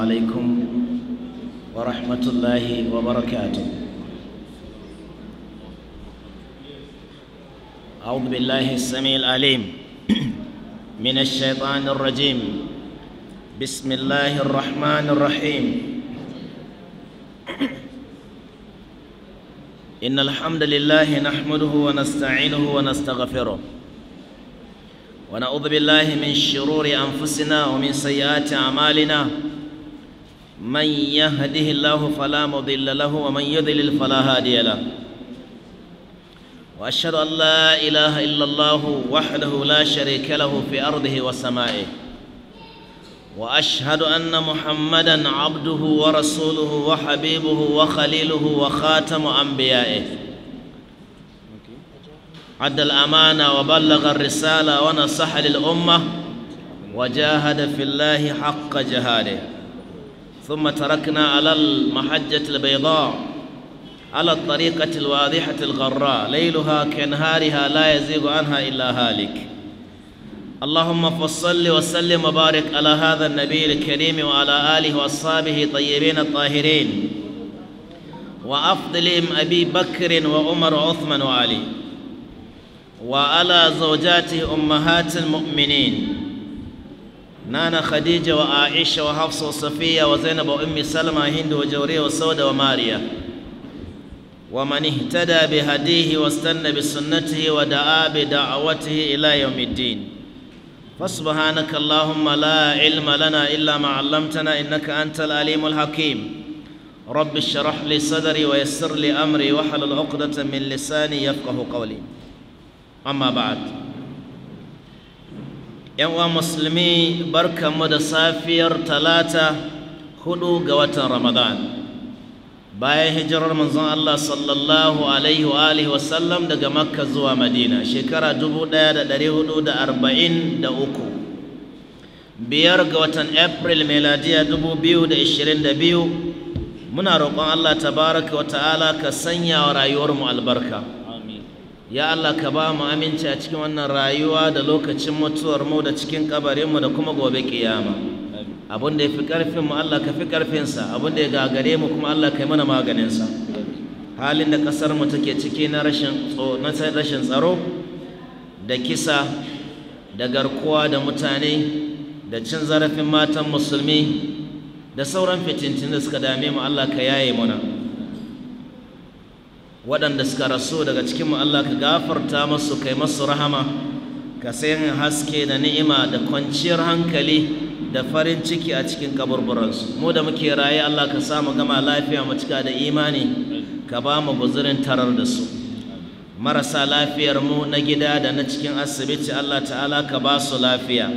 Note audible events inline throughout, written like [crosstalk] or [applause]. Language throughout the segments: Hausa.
عليكم ورحمة الله وبركاته أعوذ بالله السميع العليم [clears throat] من الشيطان الرجيم بسم الله الرحمن الرحيم [clears throat] إن الحمد لله نحمده ونستعينه ونستغفره ونعوذ بالله من شرور أنفسنا ومن سيئات أعمالنا من يهده الله فلا مضل له ومن يضلل فلا هادي له واشهد ان لا اله الا الله وحده لا شريك له في ارضه وسمائه واشهد ان محمدا عبده ورسوله وحبيبه وخليله وخاتم انبيائه عد الامانه وبلغ الرساله ونصح للامه وجاهد في الله حق جهاده ثم تركنا على المحجة البيضاء على الطريقة الواضحة الغراء ليلها كنهارها لا يزيغ عنها إلا هالك اللهم فصل وسلم وبارك على هذا النبي الكريم وعلى آله وأصحابه طيبين الطاهرين وأفضلهم أبي بكر وعمر وعثمان وعلي وعلى زوجاته أمهات المؤمنين نانا خديجة وعائشة وحفصة وصفية وزينب وأم سلمة هند وجورية وسودة وماريا ومن اهتدى بهديه واستنى بسنته ودعا بدعوته إلى يوم الدين فسبحانك اللهم لا علم لنا إلا ما علمتنا إنك أنت العليم الحكيم رب اشرح لي صدري ويسر لي أمري وحل العقدة من لساني يفقه قولي أما بعد Yan uwa musulmi barkanmu da safiyar talata hudu ga watan ramadan bayan hijirar manzon Allah sallallahu alaihi wa alihi wa sallam daga makka zuwa madina shekara uku. biyar ga watan april meladiya biyu, muna roƙon Allah tabaraka wa ta'ala ka sanya wa rayuwarmu albarka ya Allah ka ba mu aminci a cikin wannan rayuwa da lokacin mutuwar mu da cikin kabarin mu da kuma gobe kiyama abin da ya fi karfin mu Allah ka fi karfin sa abin da ya gagare mu kuma Allah ka mana maganin sa halin da kasar mu take ciki na rashin na rashin tsaro da kisa da garkuwa da mutane da cin zarafin matan musulmi da sauran fitintun da suka dame mu Allah ka yaye mana waɗanda suka rasu daga cikinmu Allah ka gafarta masu kai masu rahama ka sayan haske da ni'ima da kwanciyar hankali da farin ciki a cikin kaburburansu mu da muke raye Allah ka samu gama lafiya mu cika da imani ka ba mu buzurin tarar da su marasa lafiyar mu na gida da na cikin asibiti Allah ta'ala ka ba su lafiya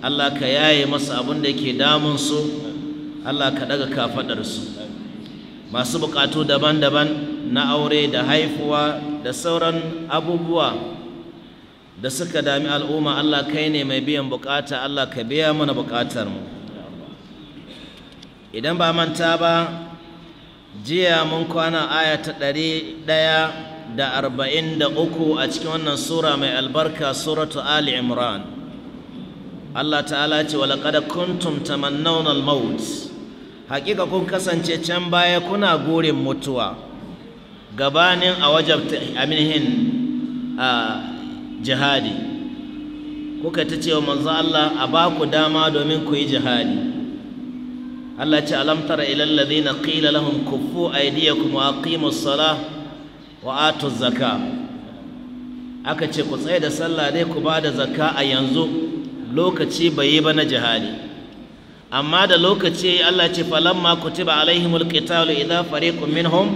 Allah ka yaye masu abin da yake damun su Allah ka daga kafadar su masu bukatu daban-daban na aure da haifuwa da sauran abubuwa da suka dami al'umma Allah kai ne mai biyan bukata Allah ka biya mana bukatar mu idan ba manta ba jiya mun kwana aya ta ɗari ɗaya da arba'in da uku a cikin wannan sura mai albarka suratu ali imran Allah ta'ala ce walaƙada kuntum tamannawna al-maut hakika kun kasance can baya kuna gorin mutuwa gabanin a wajabta aminihin a jihadi kuka ta cewa manzo Allah a ba ku dama domin ku yi jihadi Allah ce alam tara ilal ladina qila lahum kuffu aydiyakum wa aqimus salah wa atu zaka aka ce ku tsaya da sallah dai ku ba da zakka a yanzu lokaci bai yi ba na jihadi amma da lokaci Allah ce falamma kutiba alaihimul qitalu idza fariqun minhum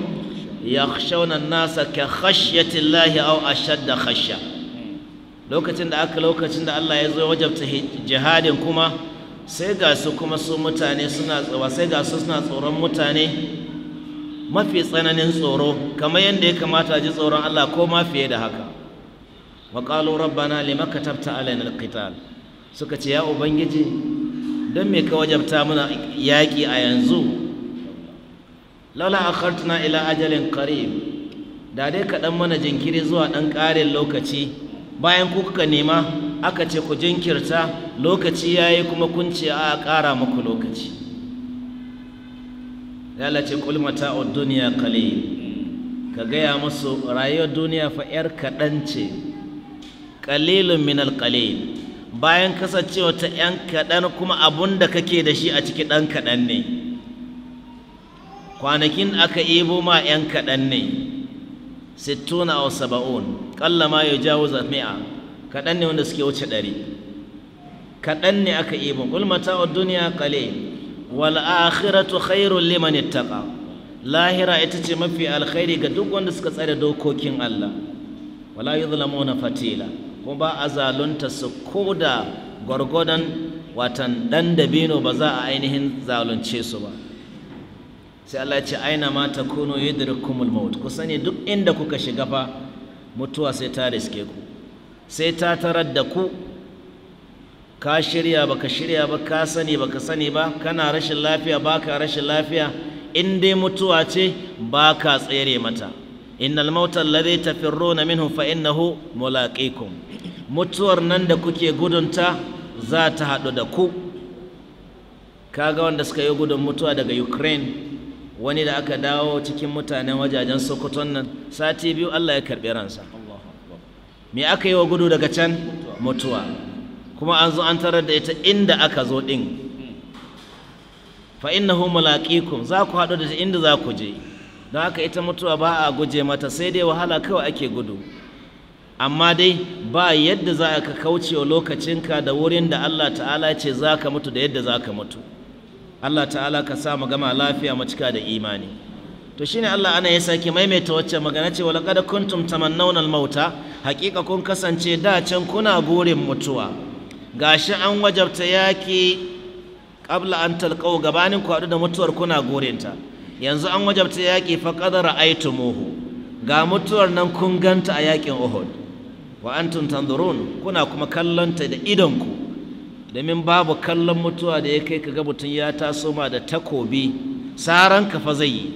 yakhshawna an-nasa ka khashyati aw ashadda khashya lokacin da aka lokacin da Allah ya zo wajabta jihadin kuma sai ga su kuma su mutane suna tsawa sai ga su suna tsoron mutane mafi tsananin tsoro kamar yadda ya kamata ji tsoron Allah ko ma fiye da haka wa qalu rabbana lima alaina al suka ce ya ubangiji don me ka wajabta muna yaƙi a yanzu laula akhartuna ila ajalin qarib da dai ka dan mana jinkiri zuwa ɗan ƙarin lokaci bayan kuka nema aka ce ku jinkirta lokaci yayi kuma kun ce a ƙara muku lokaci Allah ce kul a dunya qalil ka gaya musu rayuwar duniya fa yar kaɗan ce qalilun min alƙalil bayan kasancewa ta 'yan kaɗan kuma abun da kake da shi a ciki ɗan kaɗan ne kwanakin aka ibo ma 'yan kaɗan ne sittuna a saba'un ƙalla ma ya jawo zafi’a kaɗan ne wanda suke wuce ɗari kaɗan ne aka ibo ƙulmata mata'u duniya ƙale wal khairun liman ittaka lahira ita ce mafi alkhairi ga duk wanda suka tsare dokokin Allah wala yuzlamuna fatila ko ba a zalunta su ko da gwargwadon watan ɗan dabino ba za a ainihin zalunce su ba sai Allah ce aina ma ta kuno yudrikumul maut ku sani duk inda kuka shiga fa mutuwa sai ta riske ku sai ta tarar da ku ka shirya baka shirya ba ka sani baka sani ba kana rashin lafiya baka rashin lafiya in dai mutuwa ce baka tsere mata innal mautal ladhi tafirruna minhu fa innahu mulaqikum mutuwar nan da kuke gudunta za ta haɗu da ku kaga wanda suka yi gudun mutuwa daga Ukraine wani da aka dawo cikin mutanen wajajen Sokoton nan sati biyu Allah ya karɓi ransa me aka yi wa gudu daga can mutuwa kuma an zo an tarar da ita inda aka zo ɗin hmm. fa innahu mulaqikum za ku haɗu da inda za ku je don haka ita mutuwa ba a guje mata sai dai wahala kawai ake gudu amma dai ba yadda za ka kauce wa lokacinka da wurin da Allah ta'ala ce za ka mutu da yadda za ka mutu Allah ta'ala ka sa mu gama lafiya mu cika da imani to shine Allah ana ya sake maimaita wacce magana ce wa laqad kuntum tamannawna al-mauta haqiqa kun kasance da can kuna burin mutuwa gashi an wajabta yaki qabla an talqau gabanin ku da mutuwar kuna ta yanzu an wajabta yaƙi fa aitu aitumuhu ga mutuwar nan kun ganta a yaƙin Uhud wa antum tanzurun kuna kuma kallonta da idonku domin babu kallon mutuwa da ya kai ka ga mutum ya taso ma da takobi saran ka fa zai yi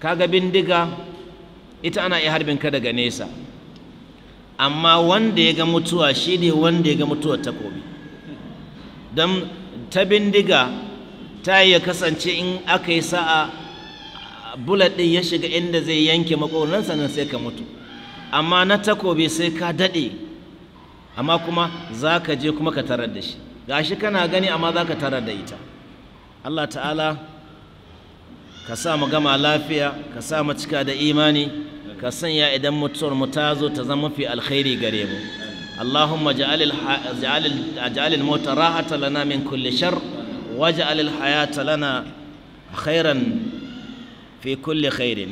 kaga bindiga ita ana iya harbin ka daga nesa amma wanda ya ga mutuwa shi ne wanda ya ga mutuwar takobi don ta bindiga ta ya kasance in aka yi sa'a bullet ɗin ya shiga inda zai yanke makonan sannan sai ka mutu amma na takobi sai ka daɗe amma kuma za ka je kuma ka tarar da shi gashi kana gani amma za ka tarar da ita Allah ta'ala ka sa mu gama lafiya ka sa mu cika da imani ka sanya idan mutuwar mu ta zo ta zama mafi alkhairi gare mu اللهم اجعل اجعل الموت راحة لنا من كل شر واجعل الحياة لنا خيرا في كل خير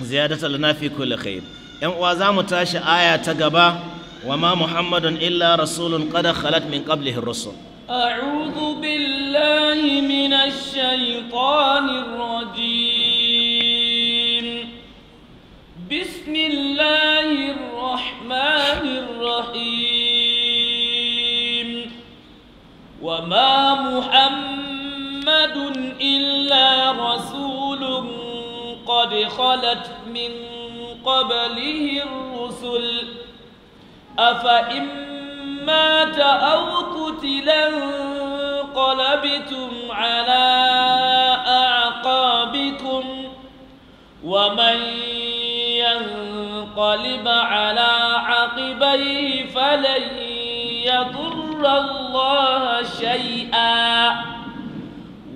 زيادة لنا في كل خير إن وزام تاشي آية تقبا وما محمد إلا رسول قد خلت من قبله الرسل أعوذ بالله من الشيطان الرجيم بسم الله الرحمن الرحيم وما محمد إلا رسول قد خلت من قبله الرسل أفإن مات أو قتلا انقلبتم على أعقابكم ومن ينقلب على عقبيه فلن يضر يضر الله شيئا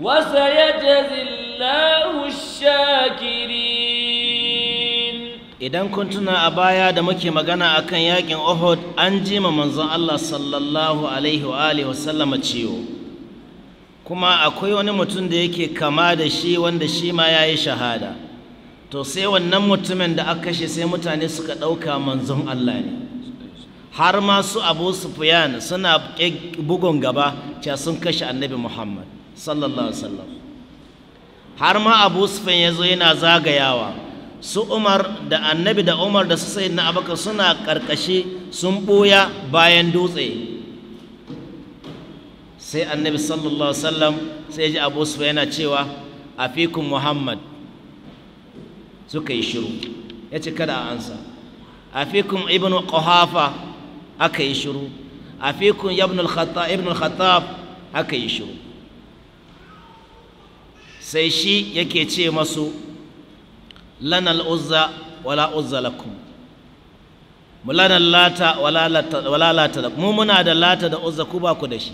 وسيجزي الله الشاكرين idan kun tuna a baya da muke magana akan yakin Uhud an jima manzon Allah sallallahu alaihi wa alihi wasallama ciwo kuma akwai wani mutum da yake kama da shi wanda shi ma yayi shahada to sai wannan mutumin da aka kashe sai mutane suka ɗauka manzon Allah ne har ma su abu sufyan suna bugun gaba cewa sun kashe annabi muhammad sallallahu alaihi wasallam har ma abu sufyan ya zo yana zagayawa su umar da annabi da umar da su sayi na abakar suna karkashi sun ɓuya bayan dutse sai annabi sallallahu alaihi wasallam sai ya ji abu sufyan yana cewa afikun muhammad suka yi shiru ya ce kada a ansa afikun ibnu quhafa aka yi shiru afikun ibn al-khattab ibn al-khattab aka yi shiru sai shi yake ce masu lanar al-uzza wala uzza lakum lanar lata wala lata wala mu muna da lata da uzza ku ba ku da shi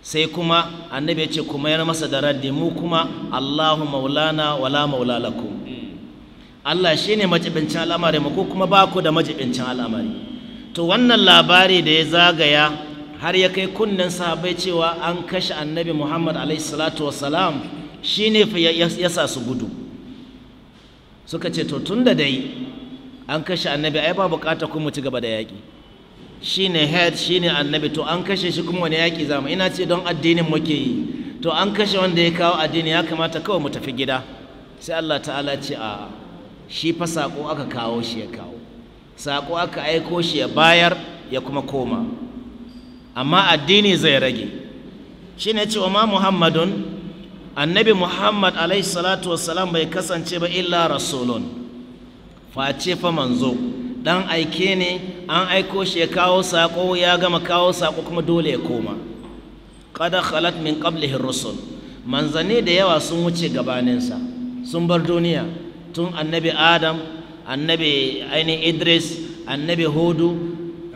sai kuma annabi ya ce kuma yar masa da raddi mu kuma Allahu maulana wala maula lakum Allah shi ne majibincin al'amari mu ko kuma ba ku da majibincin al'amari to wannan labari da ya zagaya har ya kai kunnen sahabai cewa an kashe annabi muhammad alaihi salatu wasalam shi ne ya sa su gudu suka ce to tun da dai an kashe annabi ai ba bukata kuma ci gaba da yaƙi shi ne head shi ne annabi to an kashe shi kuma wani yaƙi zama ina ce don addinin muke yi to an kashe wanda ya kawo addini ya kamata kawai mu tafi gida sai allah ta'ala ce a'a shi fa saƙo aka kawo shi ya kawo saƙo aka aiko shi ya bayar ya kuma koma amma addini zai rage shi ne cewa ma muhammadun annabi muhammad alaihi salatu wassalam bai kasance ba illa rasulun face fa manzo dan aike ne an aiko shi ya kawo saƙo ya gama kawo saƙo kuma dole ya koma kada khalat min qablihi rusul Manzani da yawa sun wuce gabaninsa sun bar duniya tun annabi adam annabi ainihin idris annabi hudu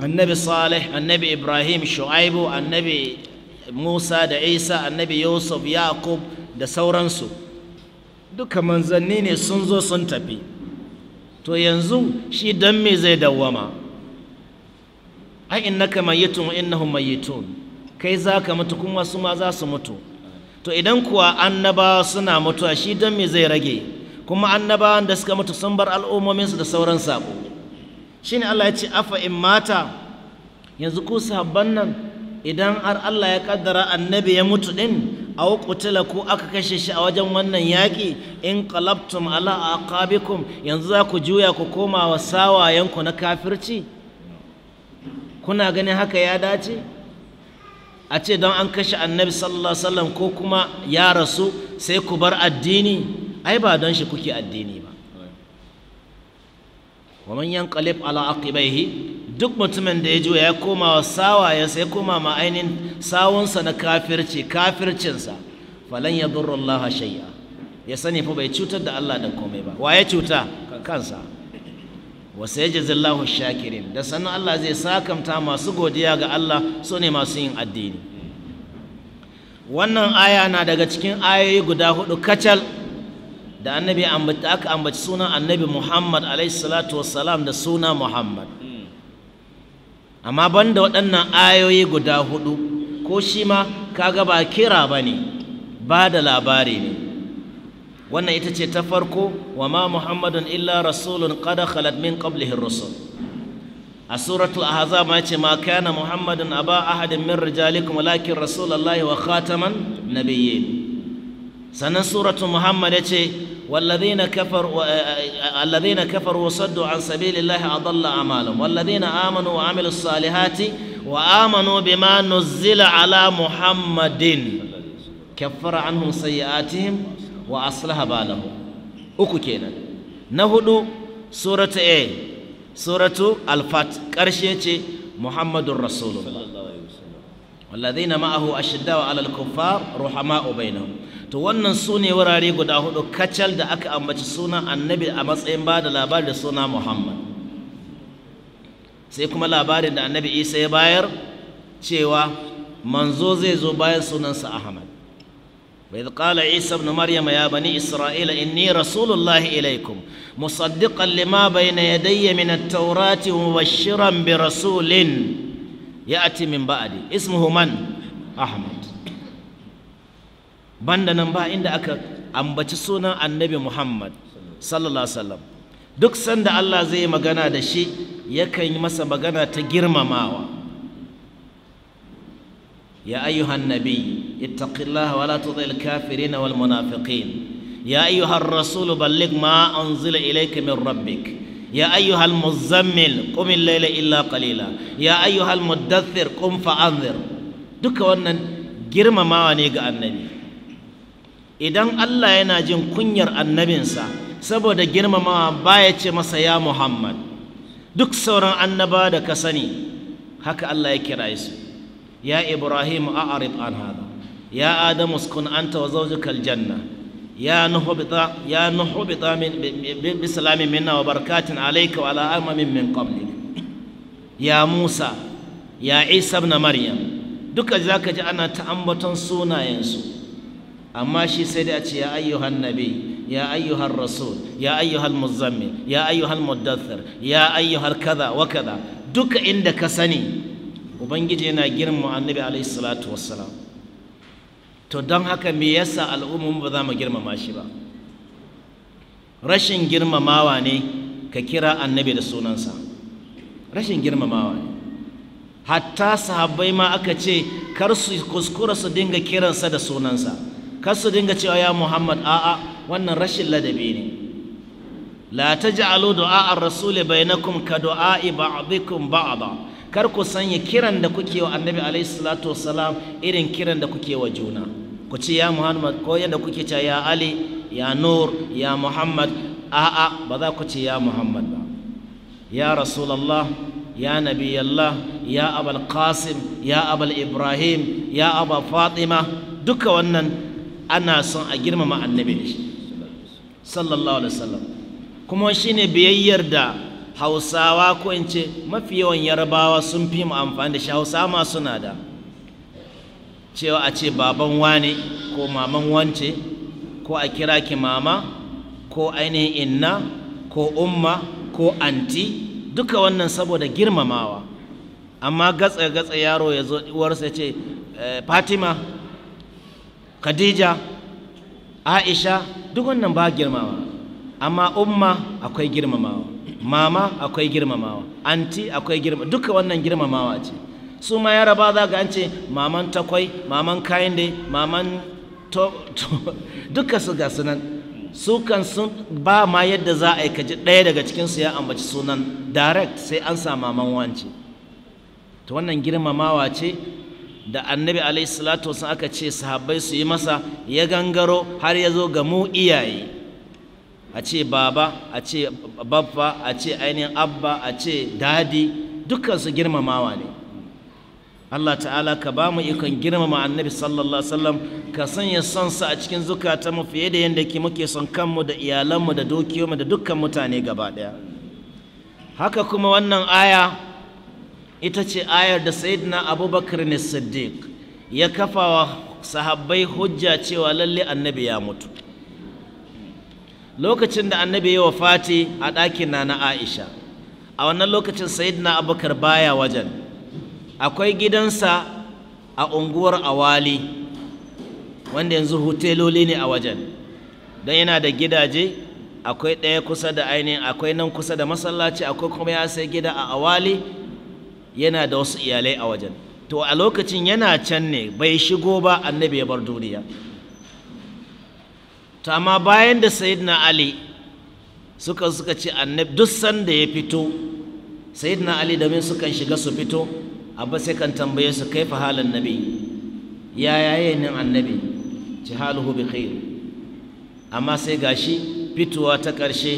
annabi salih annabi ibrahim shu'aibu annabi musa da isa annabi yusuf yaqub da sauransu duka manzanni ne sun zo sun tafi to yanzu shi don me zai dawwama ai innaka mayyitun wa innahum mayyitun kai zaka mutu kuma su ma za su mutu to idan kuwa annaba suna mutuwa shi don me zai rage kuma annabawan da suka mutu sun bar al'ummominsu da sauran sabo ne Allah ya ce afa in mata yanzu ku sabban nan idan har Allah ya kaddara annabi ya mutu din a qutila ko aka kashe shi a wajen wannan yaƙi in qalabtum ala aqabikum yanzu za ku juya ku koma wa sawayenku na kafirci kuna ganin haka ya dace a ce don an kashe annabi sallallahu alaihi wasallam ko kuma ya rasu sai ku bar addini ai ba don shi kuke addini ba wa man yanqalib ala aqibaihi duk mutumin da ya juya ya koma wa sawa ya sai koma ma ainin sawunsa na kafirci kafircinsa falan ya Allah shay'a ya sani fa bai cutar da Allah da komai ba wa ya cuta kansa wa sayajzillahu shakirin da sannan Allah zai sakamta masu godiya ga Allah su ne masu yin addini wannan aya na daga cikin ayoyi guda hudu kacal da annabi aka ambaci sunan annabi muhammad salatu wassalam da suna muhammad amma banda waɗannan ayoyi guda hudu ko shi ma kaga ba kira ba ne ba da labari ne wannan ita ce ta farko wa ma muhammadun illa rasulun kada khalat min qablihi rusul a suratul ahzab ma ce ma kana muhammadun aba ahadin min rijalikum walakin rasulullahi wa khataman nabiyyin سنة سورة محمد يتي والذين كفروا آه، آه، آه، الذين كفروا وصدوا عن سبيل الله أضل أعمالهم والذين آمنوا وعملوا الصالحات وآمنوا بما نزل على محمد كفر عنهم سيئاتهم وأصلح بالهم أكو كينا نهدو سورة إيه سورة الفاتح كرشيتي محمد رسول الله wallazina ma'ahu ashiddaw 'alal kuffar ruhama'u bainahum to wannan sune wurare guda hudu kacal da aka ambaci sunan annabi a matsayin ba da labari da suna Muhammad sai kuma labarin da annabi Isa ya bayar cewa manzo zai zo bayan sunansa Ahmad وإذ قال عيسى ابن مريم يا بني إسرائيل إني رسول الله إليكم مصدقا لما بين يدي من التوراة bi rasulin. ya'ti min ba'di ismuhu man ahmad banda nan ba inda aka ambaci sunan annabi muhammad sallallahu wasallam duk sanda allah zai yi magana da shi yakan yi masa magana ta girmamawa ya ayyuhan nabi ittaqillaha wa la tudhil kafirin wal munafiqin ya ayyuhar rasul balligh ma unzila ilayka min rabbik يا أيها المزمل قم الليل إلا قليلا يا أيها المدثر قم فأنذر duka wannan girmamawa ne ga annabi idan Allah yana jin kunyar annabinsa saboda girmamawa baya ce masa ya Muhammad duk sauran annaba da ka sani haka Allah ya kira su ya Ibrahim a'rid an hada ya Adam uskun anta wa zawjuka aljanna Ya يا نهبط يا نهبط من بسلام منا وبركات عليك وعلى أمم min قبلك Ya Musa, ya عيسى ابن Maryam, duka zaka ji ana ta ambaton sunayensu amma shi sai dai a ce ya ayyuhan nabi ya ayyuhan rasul ya ayyuhan muzammil ya ayyuhan muddathir ya ayyuhan kaza wa kaza duka inda ka sani ubangiji yana girmama annabi alaihi salatu wassalam to don haka me yasa al'umma ba za mu girmama shi ba rashin girmamawa ne ka kira annabi da sunansa rashin girmamawa ne hatta sahabbai ma aka ce kar su kuskura su dinga kiransa da sunansa kar su dinga cewa ya muhammad a'a wannan rashin ladabi ne la taj'alu du'a ar-rasul bainakum ka du'a ba'dikum ba'da kar ku sanya kiran da kuke wa annabi alaihi salatu wassalam irin kiran da kuke wa juna ku ce ya muhammad ko yadda kuke cewa ya ali ya nur ya muhammad a'a ba za ku ce ya muhammad ba ya rasulallah ya nabiyallah ya abal qasim ya abal ibrahim ya abal fatima duka wannan ana son a girmama annabi ne sallallahu alaihi wasallam kuma shine biyayyar da hausawa ko in ce mafi yawan yarbawa sun fi mu amfani da shi hausawa ma suna da cewa a ce baban wane ko maman wance ko a kira ki mama ko ainihin inna ko umma ko anti duka wannan saboda girmamawa amma gatsa-gatsa yaro ya zo uwarsa ce eh, fatima khadija aisha duk wannan ba girmamawa amma umma akwai girmamawa mama akwai girmamawa anti akwai girma duka wannan girmamawa ce su ma yaraba za ga an ce maman takwai maman kayan dai maman to, [laughs] duka su ga sunan su kan sun ba ma yadda za a aikaci ɗaya daga cikinsu ya ambaci sunan direct sai an sa maman wance ta wannan girmamawa ce da annabi alaihi salatu wasu aka ce sahabbai su yi masa ya gangaro har ya zo ga mu iyaye a ce baba a ce babba a ce ainihin abba a ce dadi dukkansu girmamawa ne Allah ta'ala ka ba mu ikon girmama annabi sallallahu alaihi wasallam ka sanya son sa a cikin mu fiye da yadda ke muke son kanmu da iyalanmu da dukiyoyinmu da dukkan mutane gaba daya haka kuma wannan aya ita ce ayar da sayyidina abubakar ne siddiq ya kafa wa sahabbai hujja cewa lalle annabi ya mutu lokacin da annabi ya wafati a ɗakin na na aisha a wannan lokacin na abubakar baya wajen akwai gidansa a unguwar awali wanda yanzu hoteloli ne a wajen don yana da gidaje akwai ɗaya kusa da ainihin akwai nan kusa da masallaci akwai kuma ya sai gida a awali yana da wasu iyalai a wajen to a lokacin yana can ne bai shigo ba annabi ya bar duniya ta ma bayan da sayyidina ali suka suka ce annabi duk sanda ya fito sayyidina ali domin sukan shiga su fito abba sai kan tambaye su kai fa halin nabi ya yaye nan annabi ci haluhu bi khair amma sai gashi fitowa ta karshe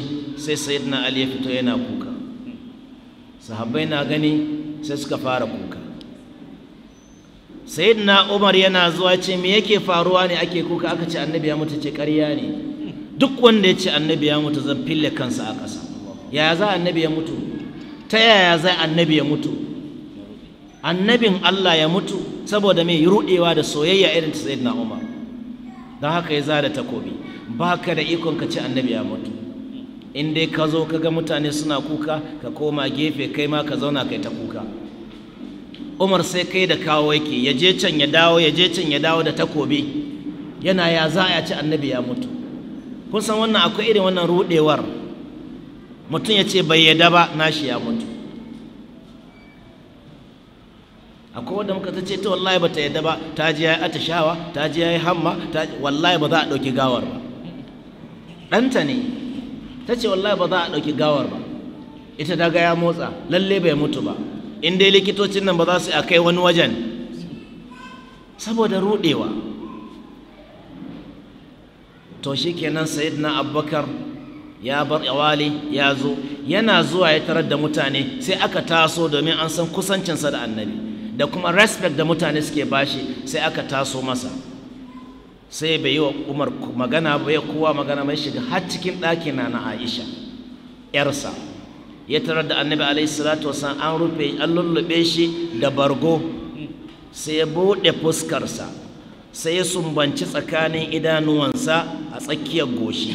sai sayyidina ali ya fito yana kuka sahabbai na gani sai suka fara kuka sayyidina umar yana zuwa ce me yake faruwa ne ake kuka aka ce annabi ya mutu ce ƙarya ne duk wanda ya ce annabi ya mutu zan fille kansa a ƙasa yaya za annabi ya mutu ta yaya za annabi ya mutu annabin Allah ya mutu saboda mai ruɗewa da soyayya irin ta sayyidina umar don haka ya da takobi baka da ikon ka ce annabi ya mutu in dai ka zo ka ga mutane suna kuka ka koma gefe kai ma ka zauna kai ta kuka umar sai kai da kawo yake ya je can ya dawo ya je can ya dawo da takobi yana ya za a ci annabi ya mutu kun san wannan akwai irin wannan rudewar mutum ya ce bai yadda ba nashi ya mutu akwai wanda muka ta ce ta wallahi ba ta yadda ba ta ji ya yi atishawa ta ji ya yi hamma wallahi ba za a ɗauki gawar ba ɗanta ne ta ce wallahi ba za a ɗauki gawar ba ita daga ya motsa lalle bai mutu ba in dai likitocin nan ba za su akai kai wani wajen saboda rudewa to shi kenan na abubakar ya bar wali ya zo yana zuwa ya tarar da mutane sai aka taso domin an san kusancinsa da annabi da kuma respect da mutane suke bashi sai aka taso masa sai bai yi wa umar magana bai kowa magana mai shiga har cikin ɗakina na aisha 'yarsa ya tarar da annabi alaihi salatu wasan an rufe an lullube shi da bargo sai ya buɗe fuskarsa sai ya sumbanci tsakanin idanuwansa a tsakiyar goshi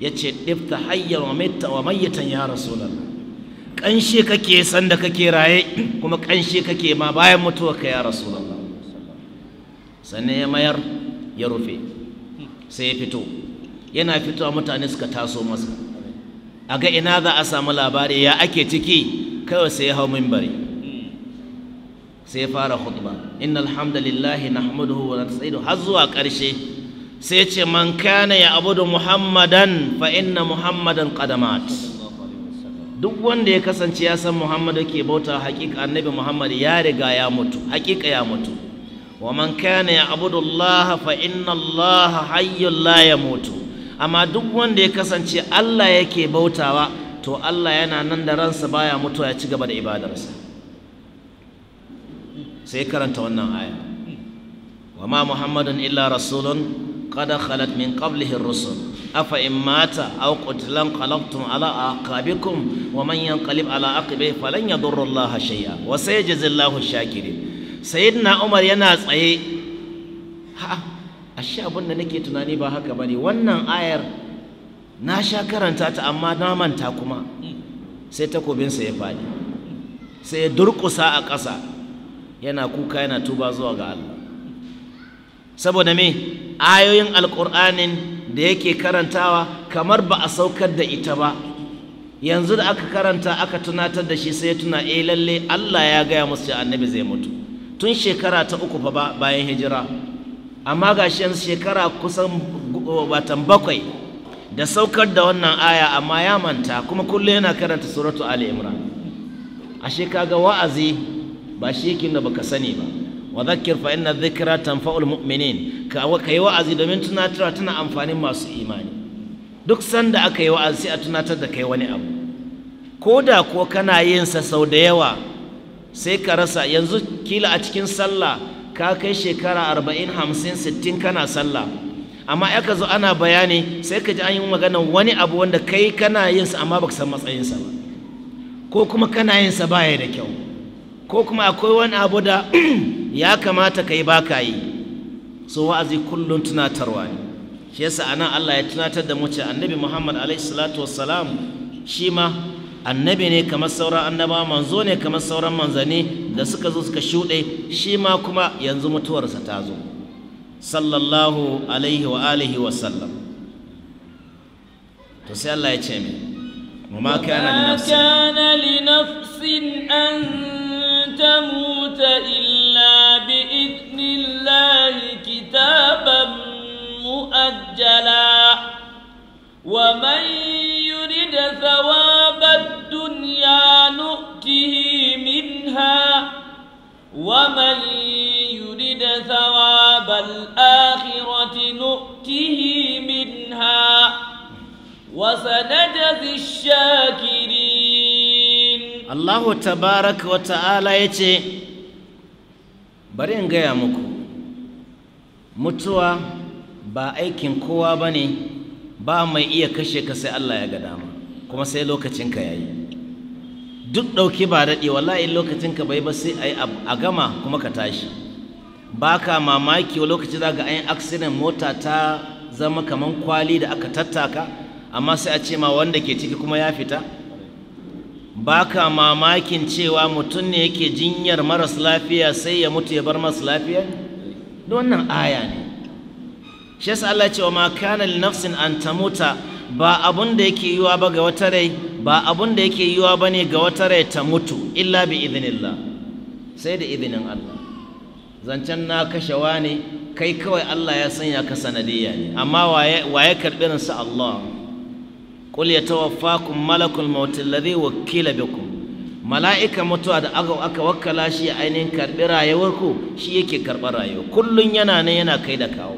ya ce ɗifta hayyar wa mayyatan ya rasulallah ƙanshe kake sanda kake raye kuma ƙanshe kake ma bayan mutuwa ka ya rasulallah sannan ya mayar ya rufe sai ya fito yana fitowa mutane suka taso masa a ga ina za a samu labari ya ake ciki kawai sai ya hau mimbari sai ya fara khutba inna alhamdulillahi nahmaduhu wa nasta'inu har zuwa ƙarshe sai ce man kana ya abudu muhammadan fa inna muhammadan qadamat duk wanda ya kasance ya san muhammad ke bauta hakika annabi muhammad ya riga ya mutu hakika ya mutu wa man kana ya abudu allah fa inna allah hayyul la yamutu amma duk wanda ya kasance Allah yake bautawa to Allah yana nan da ransa baya mutuwa ya ci gaba da ibadarsa sai karanta wannan aya wa ma muhammadun illa rasulun qad khalat min qablihi ar-rusul afa in mata aw qutilan qalabtum ala aqabikum wa man yanqalib ala aqibihi falan yadurra Allah shay'a wa sayajzi Allahu ash-shakirin umar yana tsaye ashe abin da nake tunani ba haka bane wannan ayar na sha karanta ta amma na manta kuma sai takobinsa ya faɗi sai ya durƙusa a ƙasa yana kuka yana tuba zuwa ga Allah saboda me ayoyin alƙur'anin da yake karantawa kamar ba a saukar da ita ba yanzu da aka karanta aka tunatar da shi sai ya tuna eh lalle Allah ya gaya musu annabi zai mutu tun shekara ta uku fa ba bayan hijira amma ga shi yanzu shekara kusan watan bakwai da saukar da wannan aya amma ya manta kuma kullum yana karanta suratu ali imran ashe kaga wa'azi ba shi yake da baka sani ba wa dhakkir fa inna dhikra tanfa'ul mu'minin ka kai wa'azi domin tunatarwa tana amfanin masu imani duk sanda aka yi wa'azi sai a tunatar da kai wani abu ko da ko kana yin sa sau da yawa sai ka rasa yanzu kila a cikin sallah ka kai shekara arba'in hamsin sittin kana sallah amma ya ka zo ana bayani sai ka ji an yi magana wani abu wanda kai kana yin sa amma baka san matsayinsa ba ko kuma kana yin sa baya da kyau ko kuma akwai wani abu da [clears throat] ya kamata kai baka yi so wa'azi kullum tunatarwa ne shi yasa anan Allah ya tunatar da mu cewa Annabi Muhammad alaihi salatu wassalam shi ma annabi ne kamar sauran annaba manzo ne kamar sauran manzani da suka zo suka shuɗe shi ma kuma yanzu mutuwarsa ta zo sallallahu alaihi wa alihi wa sallam to sai Allah ya ce mai وما كان لنفس أن تموت إلا بإذن الله كتابا مؤجلا ومن يريد ثواب الدنيا نؤته منها ومن يريد ثواب الآخرة نؤته منها وسنجزي الشاكرين الله تبارك وتعالى يتي bari in gaya muku mutuwa ba aikin kowa ba ne ba mai iya kashe ka sai Allah ya ga dama kuma sai lokacinka ya yi duk ɗauki ba daɗi wallahi lokacinka bai ba sai a yi a gama kuma ka tashi ba ka mamaki wa lokaci za ga ayin accident mota ta zama kaman kwali da aka tattaka amma sai a ce ma wanda ke ciki kuma ya fita ba ka mamakin cewa mutum ne yake jinyar maras lafiya sai ya mutu ya bar maras lafiya wannan aya ne shi yasa Allah ya ce wa ma kana li nafsin an tamuta ba abun da yake yiwa ba ga wata rai ba abun da yake yiwa ba ne ga wata rai ta mutu illa bi idinillah sai da idinin Allah zancen na kashewa ne kai kawai Allah ya sanya ka sanadiyya ne amma waye karɓi sa Allah qul yatawaffakum malakul maut alladhi wakkila bikum mala'ika mutuwa da aka aka wakkala shi ainihin karɓi rayuwarku shi yake karɓar rayuwa kullun yana ne yana kai da kawo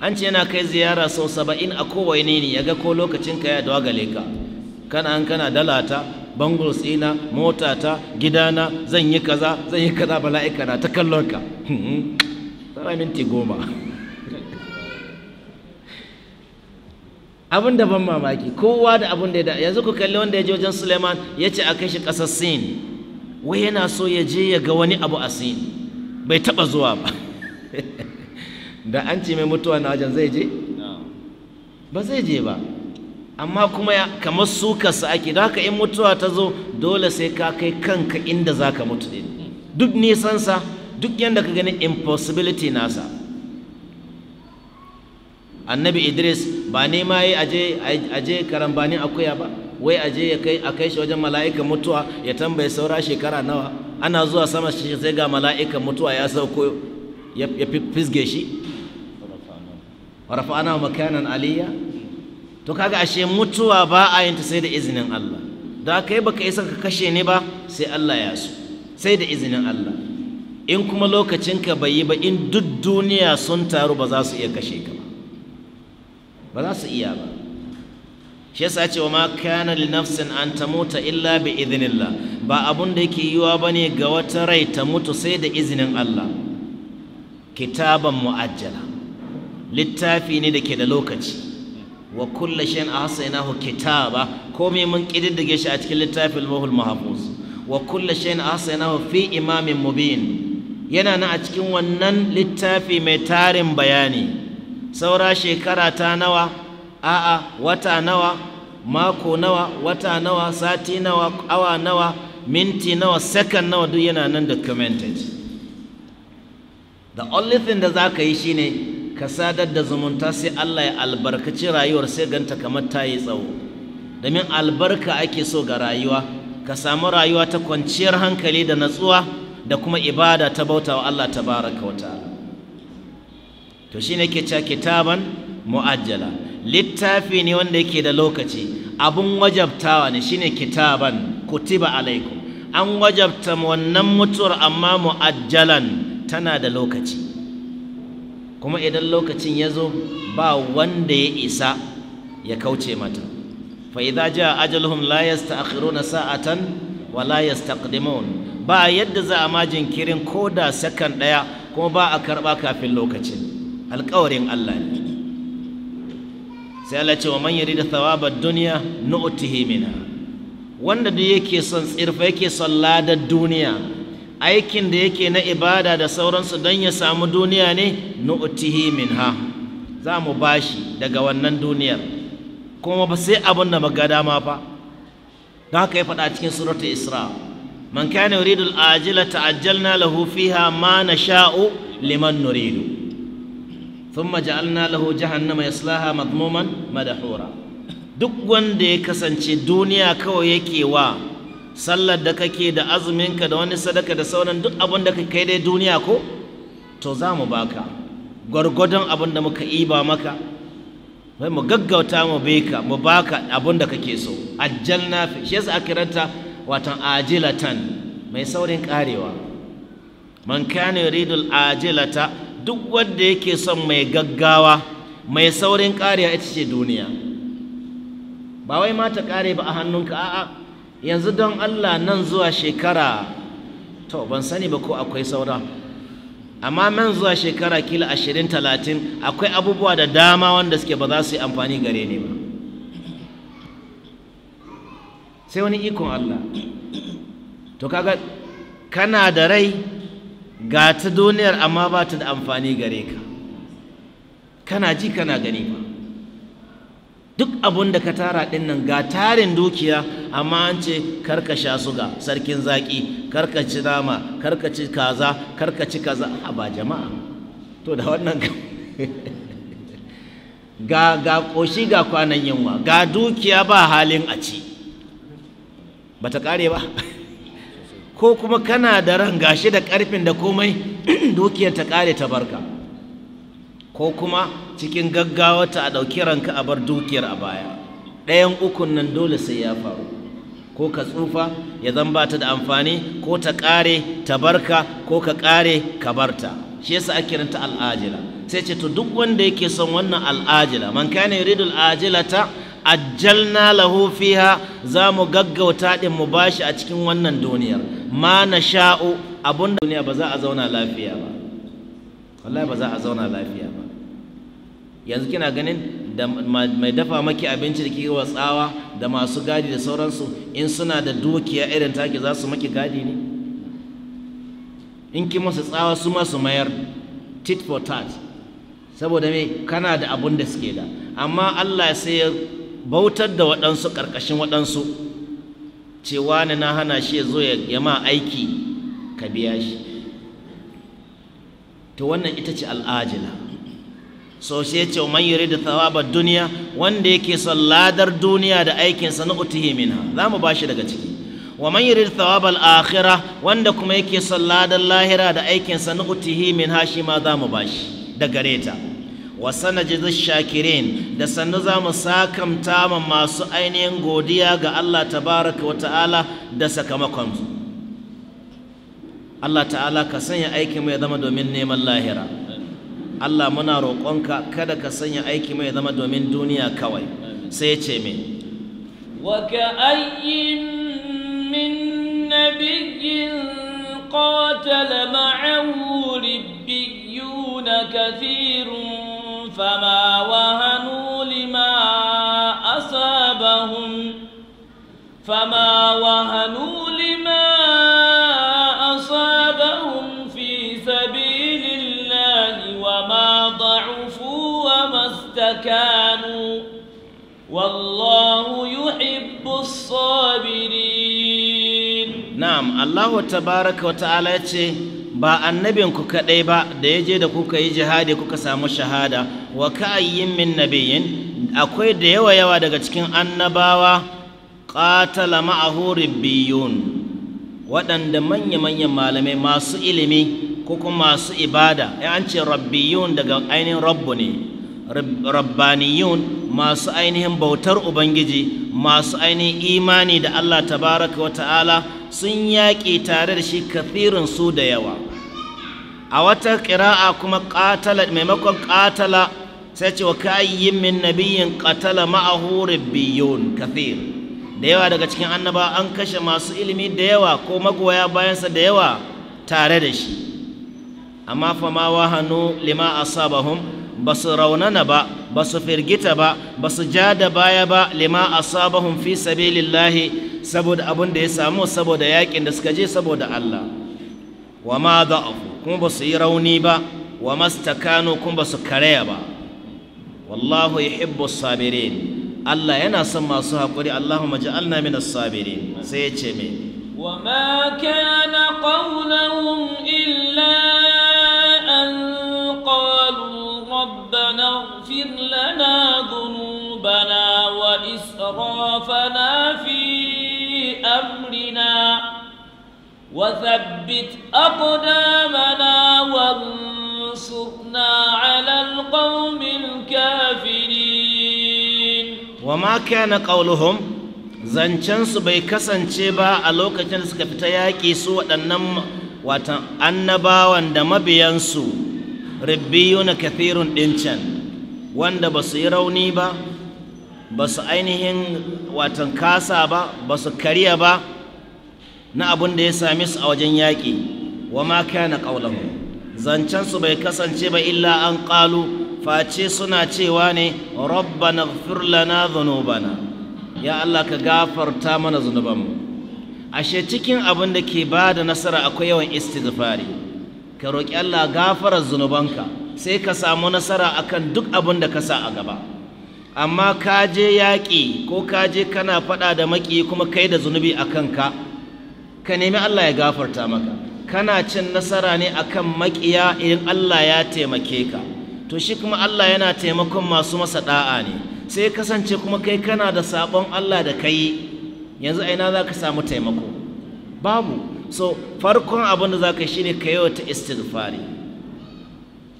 an ce yana kai ziyara sau saba'in a kowane ne ya ga ko lokacin ka ya dogale ka kana an kana dalata bangles ina motata gidana zan yi kaza zan yi kaza bala'ika na ta kallon ka [laughs] tsara minti goma [laughs] abin da ban mamaki kowa da abin da yanzu ku kalli wanda ya je wajen suleiman ya ce a kai shi ƙasar sin wai yana so ya je ya ga wani abu a sin bai taɓa zuwa ba [laughs] da an ce mai mutuwa na wajen zai je ba zai je ba amma kuma kamar sukarsa ake da haka in mutuwa ta zo dole sai ka kai kanka inda za ka mutu din duk nisansa duk yadda ka gani impossibility nasa annabi idris ba nema yi aje karambani akuya ba wai aje ya kai a kai shi wajen mala'ikan mutuwa ya tambaye saura shekara nawa ana zuwa sama shi sai ga mala'ikan mutuwa ya sauko ya fisge shi wa makanan aliyya to kaga ashe mutuwa ba a yin ta sai da izinin Allah da kai baka isa ka kashe ni ba sai Allah ya so sai da izinin Allah in kuma lokacin ka bai yi ba in duk duniya sun taru ba za su iya kashe ka ba ba za su iya ba shi yasa ce wa ma kana li nafsin an tamuta illa bi idhnillah ba abun da yake yiwa bane ga wata rai ta mutu sai da izinin Allah kitaban mu'ajjala littafi ne da ke da lokaci wa kulla shan ahsaynahu kitaba komai mun kididdige shi a cikin littafin mahul mahfuz wa kulla shan ahsaynahu fi imamin mubin yana nan a cikin wannan littafi mai tarin bayani saura shekara ta nawa a'a wata nawa mako nawa wata nawa sati nawa awa nawa minti nawa second nawa duk yana nan documented the only thing da za ka yi shine ka sadar da zumunta sai Allah ya albarkaci rayuwar sai ganta kamar ta yi tsawo domin albarka ake so ga rayuwa ka samu rayuwa ta kwanciyar hankali da natsuwa da kuma ibada ta bauta wa Allah ta wa ta'ala to shine yake cewa kitaban mu'ajjala littafi ne wanda yake da lokaci abun wajabtawa ne shine kitaban kutiba alaikum an wajabta wannan mutuwar amma mu'ajjalan tana da lokaci kuma idan lokacin ya zo ba wanda ya isa ya kauce mata a idza jaa ajaluhum la yasta'khiruna sa'atan wa la yastaqdimun ba yadda za a ma ko da sakan ɗaya kuma ba a karɓa kafin lokacin alƙawarin Allah ne sai Allah ce wa man yarida thawabad dunya nu'tihi minha wanda duk yake son tsirfa yake son ladar duniya aikin da yake na ibada da sauransu don ya samu duniya ne nu'tihi minha za mu bashi daga wannan duniyar kuma ba sai abin da magada dama fa don haka ya faɗa cikin surata isra man kana yuridu al-ajila ta'ajjalna lahu fiha ma nasha'u liman nuridu thumma ja'alna lahu jahannama yaslaha madmuman madahura duk wanda ya kasance duniya kawai yake wa sallar da kake da azuminka da wani sadaka da sauran duk abin da kai dai duniya ko to za mu baka gwargwadon abin da muka iba maka mu gaggauta mu beka mu baka abin da kake so ajjalna fi shi yasa akiranta watan ajilatan mai saurin karewa man kana yuridu ajilata duk wanda yake son mai gaggawa mai saurin karewa ita ce duniya ba wai ma ta kare ba a hannunka a'a yanzu don Allah nan zuwa shekara to ban sani ba ko akwai saura amma nan zuwa shekara kila ashirin talatin akwai abubuwa da dama wanda suke ba za su yi amfani gare ni ba sai wani ikon Allah to kaga kana da rai ga ta duniyar amma ba ta da amfani gare ka kana ji kana gani ba duk abin da ka tara ɗin nan ga tarin dukiya amma an ce karka sha suga sarkin zaki karka ci nama karka ci kaza karka ci kaza a ba jama'a to da wannan [laughs] ga ga koshi ga kwanan yunwa ga dukiya ba halin a ci Ba ta kare ba [laughs] ko kuma kana da ran gashi da karfin da komai [clears throat] dukiyar ta kare ta barka ko kuma cikin gaggawa ta a ɗauki ranka a bar dukiyar a baya ɗayan ukun nan dole sai ya faru ko ka tsufa ya zan ba ta da amfani ko ta ƙare ta barka ko ka ƙare ka barta shi yasa ake kiranta al'ajila sai ce to duk wanda yake son wannan al'ajila man kana yuridu al'ajilata ajjalna lahu fiha za mu gaggauta din mu bashi a cikin wannan duniyar ma na sha'u abun duniya ba za a zauna lafiya ba wallahi ba za a zauna lafiya yanzu kina ganin da mai dafa maki abinci da kike watsawa da masu gadi da sauransu in suna da dukiya irin take za su maki gadi ne in ki musu tsawa su ma su mayar tit for tat saboda me kana da abun da suke da amma Allah sai ya bautar da waɗansu ƙarƙashin waɗansu cewa na na hana shi ya zo ya ma aiki ka biya shi to wannan ita ce al'ajila so shi ya ce man da thawaba duniya wanda yake son ladar duniya da aikinsa na utihi za mu bashi daga ciki wa man yuridu thawaba al wanda kuma yake son ladar lahira da aikinsa na utihi minha shi ma za mu bashi da gareta wa sanajiz shakirin da sannu za mu sakamta ma masu ainihin godiya ga Allah tabaraka wa ta'ala da sakamakon Allah ta'ala ka sanya aikin mu ya zama domin neman lahira Allah muna roƙonka kada ka sanya aiki mai zama domin duniya kawai sai ce me وكأي من نبي قاتل معه ربيون كثير فما وهنوا لما أصابهم فما وهنوا لما أصابهم في سبيل الله وما ضعفوا وما استكانوا والله يحب الصابرين نعم الله تبارك وتعالى يتشي ba annabinku kaɗai ba da yaje da kuka yi jihadi kuka samu shahada wa ka'ayyin min nabiyin akwai da yawa yawa daga cikin annabawa qatala ma'ahu ribbiyun waɗanda manya-manyan malamai masu ilimi ko kuma masu ibada in an ce rabbiyun daga ainihin rabbu ne rabbaniyun masu ainihin bautar ubangiji masu ainihin imani da Allah tabaraka wata'ala sun yaƙi tare da shi kafirin su da yawa a wata ƙira'a kuma ƙatala maimakon ƙatala sai ce wa kayayyin min nabiyin ƙatala ma'ahu rabbiyun kafir da yawa daga cikin annaba an kashe masu ilimi da yawa ko magoya bayansa da yawa tare da shi amma fa ma wahanu lima asabahum ba su raunana ba ba su firgita ba ba su ja da baya ba lima asabahum fi sabilillahi saboda abin da ya samu saboda yakin da suka je saboda Allah wa ma da'afu kuma ba su yi rauni ba wa mastakanu kuma ba su karaya ba wallahu yuhibbu sabirin Allah yana son masu haƙuri Allahumma ja'alna minas sabirin sai ya ce me wa ma kana qawluhum illa آمن قالوا ربنا اغفر لنا ذنوبنا وإسرافنا في أمرنا وثبت أقدامنا وانصرنا على القوم الكافرين وما كان قولهم zancensu سبيكسان شبا ألوكا جنس lokacin سوء أنم watan annabawan da mabiyansu ribbiyuna kathirun ɗincan, wanda ba su yi rauni ba ba su ainihin watan kasa ba ba su kariya ba na abin da ya same su a wajen yaƙi wa ma kana qawluhum zancen su bai kasance ba illa an ƙalu. face suna cewa ne rabbana ighfir lana ya Allah ka gafarta mana zunubanmu ashe cikin abin da ke ba da nasara akwai yawan istighfari ka roƙi Allah gafarar zunubanka sai ka samu nasara akan duk abin da ka sa a gaba amma ka je yaƙi ko ka je kana faɗa da maƙi kuma kai da zunubi a kanka ka nemi Allah ya gafarta maka kana cin nasara ne akan maƙiya in Allah ya taimake ka to shi kuma Allah yana taimakon masu masa da'a ne sai kasance kuma kai kana da sabon Allah da kai yanzu aina za ka samu taimako babu so farkon abin da za ka shi ne ka yawaita istighfari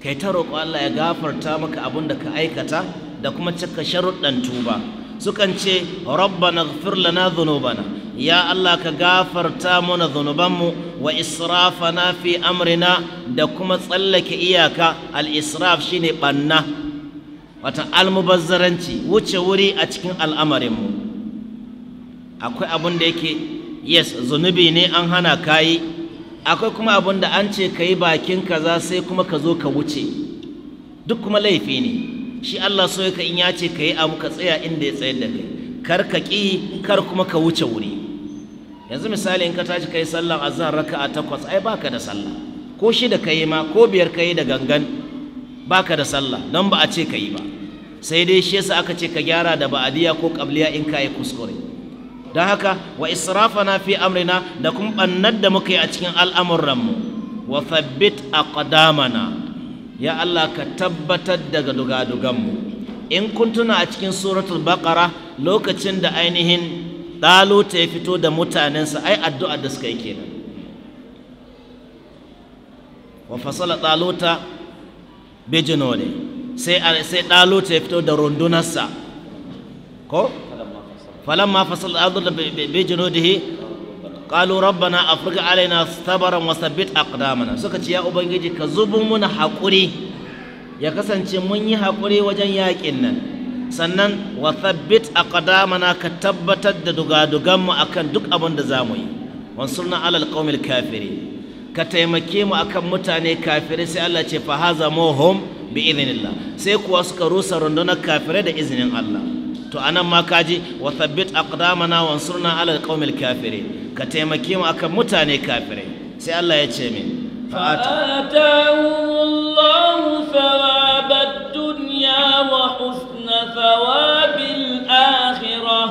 kai ta roƙo Allah ya gafarta maka abin da ka aikata da kuma cika sharuɗan tuba sukan ce rabbana ighfir lana dhunubana ya Allah ka gafarta mana dhunubanmu wa israfana fi amrina da kuma tsallake iyaka al israf shine ɓanna. wata almubazzaranci wuce wuri a cikin al'amarinmu akwai abin da yake yes zunubi ne an hana kayi akwai kuma abin da an ce ka yi bakin kaza sai kuma ka zo ka wuce duk kuma laifi ne shi Allah so ka in ya ce ka yi abu ka tsaya inda ya tsayar da kai kar ka ƙi kar kuma ka wuce wuri yanzu misali in ka tashi kai sallar azhar raka'a takwas ai baka da sallah ko shida ka yi ma ko biyar ka yi da gangan baka da sallah don ba a ce ka yi ba sai dai shi yasa aka ce ka gyara da ba'adiya ko qabliya in ka yi kuskure don haka wa israfa na fi amrina da kuma ɓannar da muka yi a cikin al'amuranmu wa a ƙadamana ya Allah ka tabbatar daga dugadugamu in kun tuna a cikin suratul baqara lokacin da ainihin ɗaluta ya fito da mutanensa ai addu'a da suka yi kenan wa fasala ɗaluta bijino ne sai ɗaluta ya fito da rundunarsa ko فلما فصل الأرض بجنوده قالوا ربنا أفرغ علينا صبرا وثبت أقدامنا ubangiji يا أبنجي mun حقري ya kasance mun yi haƙuri wajen yakin nan sannan wa thabbit aqdamana ka tabbatar da dugadugan mu akan duk abin da zamu yi wansurna alal qaumil kafiri ka taimake mu akan mutane kafirai sai Allah ce fa hazamuhum bi idnillah sai kuwa suka rusa rundunar kafirai da izinin Allah to anan ma kaji wa thabbit aqdamana wansurna ala alqawmil kafirin ka taimake mu akan mutane kafirai sai Allah ya ce min فآتاه duniya ثواب husna وحسن ثواب الآخرة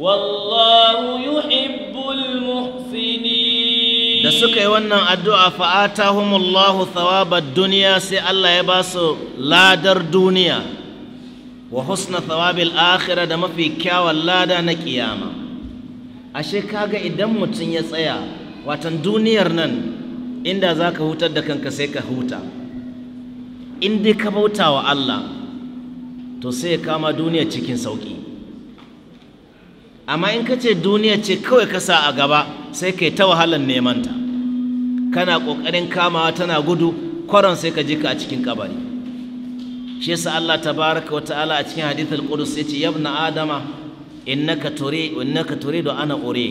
والله يحب المحسنين da suka yi wannan addu'a fa'atahumullahu thawabad duniya sai Allah ya ba su ladar duniya wa husna thawabil akhirah da mafi kyawun lada na kiyama ashe kaga idan mutum ya tsaya watan duniyar nan inda zaka hutar da kanka sai ka huta in ka bauta wa Allah to sai ya kama duniya cikin sauki amma in ka duniya ce kawai ka sa a gaba sai kai ta wahalar ta kana kokarin kamawa tana gudu kwaron sai ka jika ka a cikin kabari shi yasa Allah tabaraka wa ta'ala a cikin hadithul qudus yace ya ibn adama innaka turi innaka turidu ana uri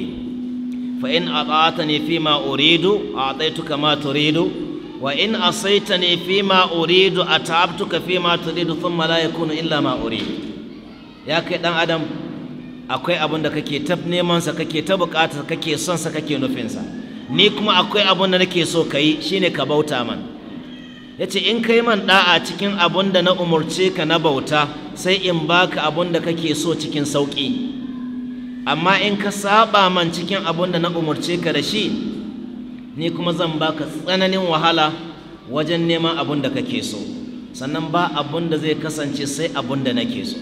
fa in ata'atani fi ma uridu a'taytuka ma turidu wa in asaitani fi ma uridu ata'abtuka fi ma turidu thumma la yakunu illa ma uridu ya kai dan adam akwai abin da kake ta neman sa kake ta bukatar kake son sa kake nufin sa ni kuma akwai abin da nake so kai shine ka bauta man ya ce in kai man ɗa'a cikin abun da na umarce ka na bauta sai in baka abun da kake so cikin sauƙi amma in ka saba man cikin abun da na umarce ka da shi ni kuma zan baka tsananin wahala wajen neman abun da kake so sannan ba abun da zai kasance sai abun da nake so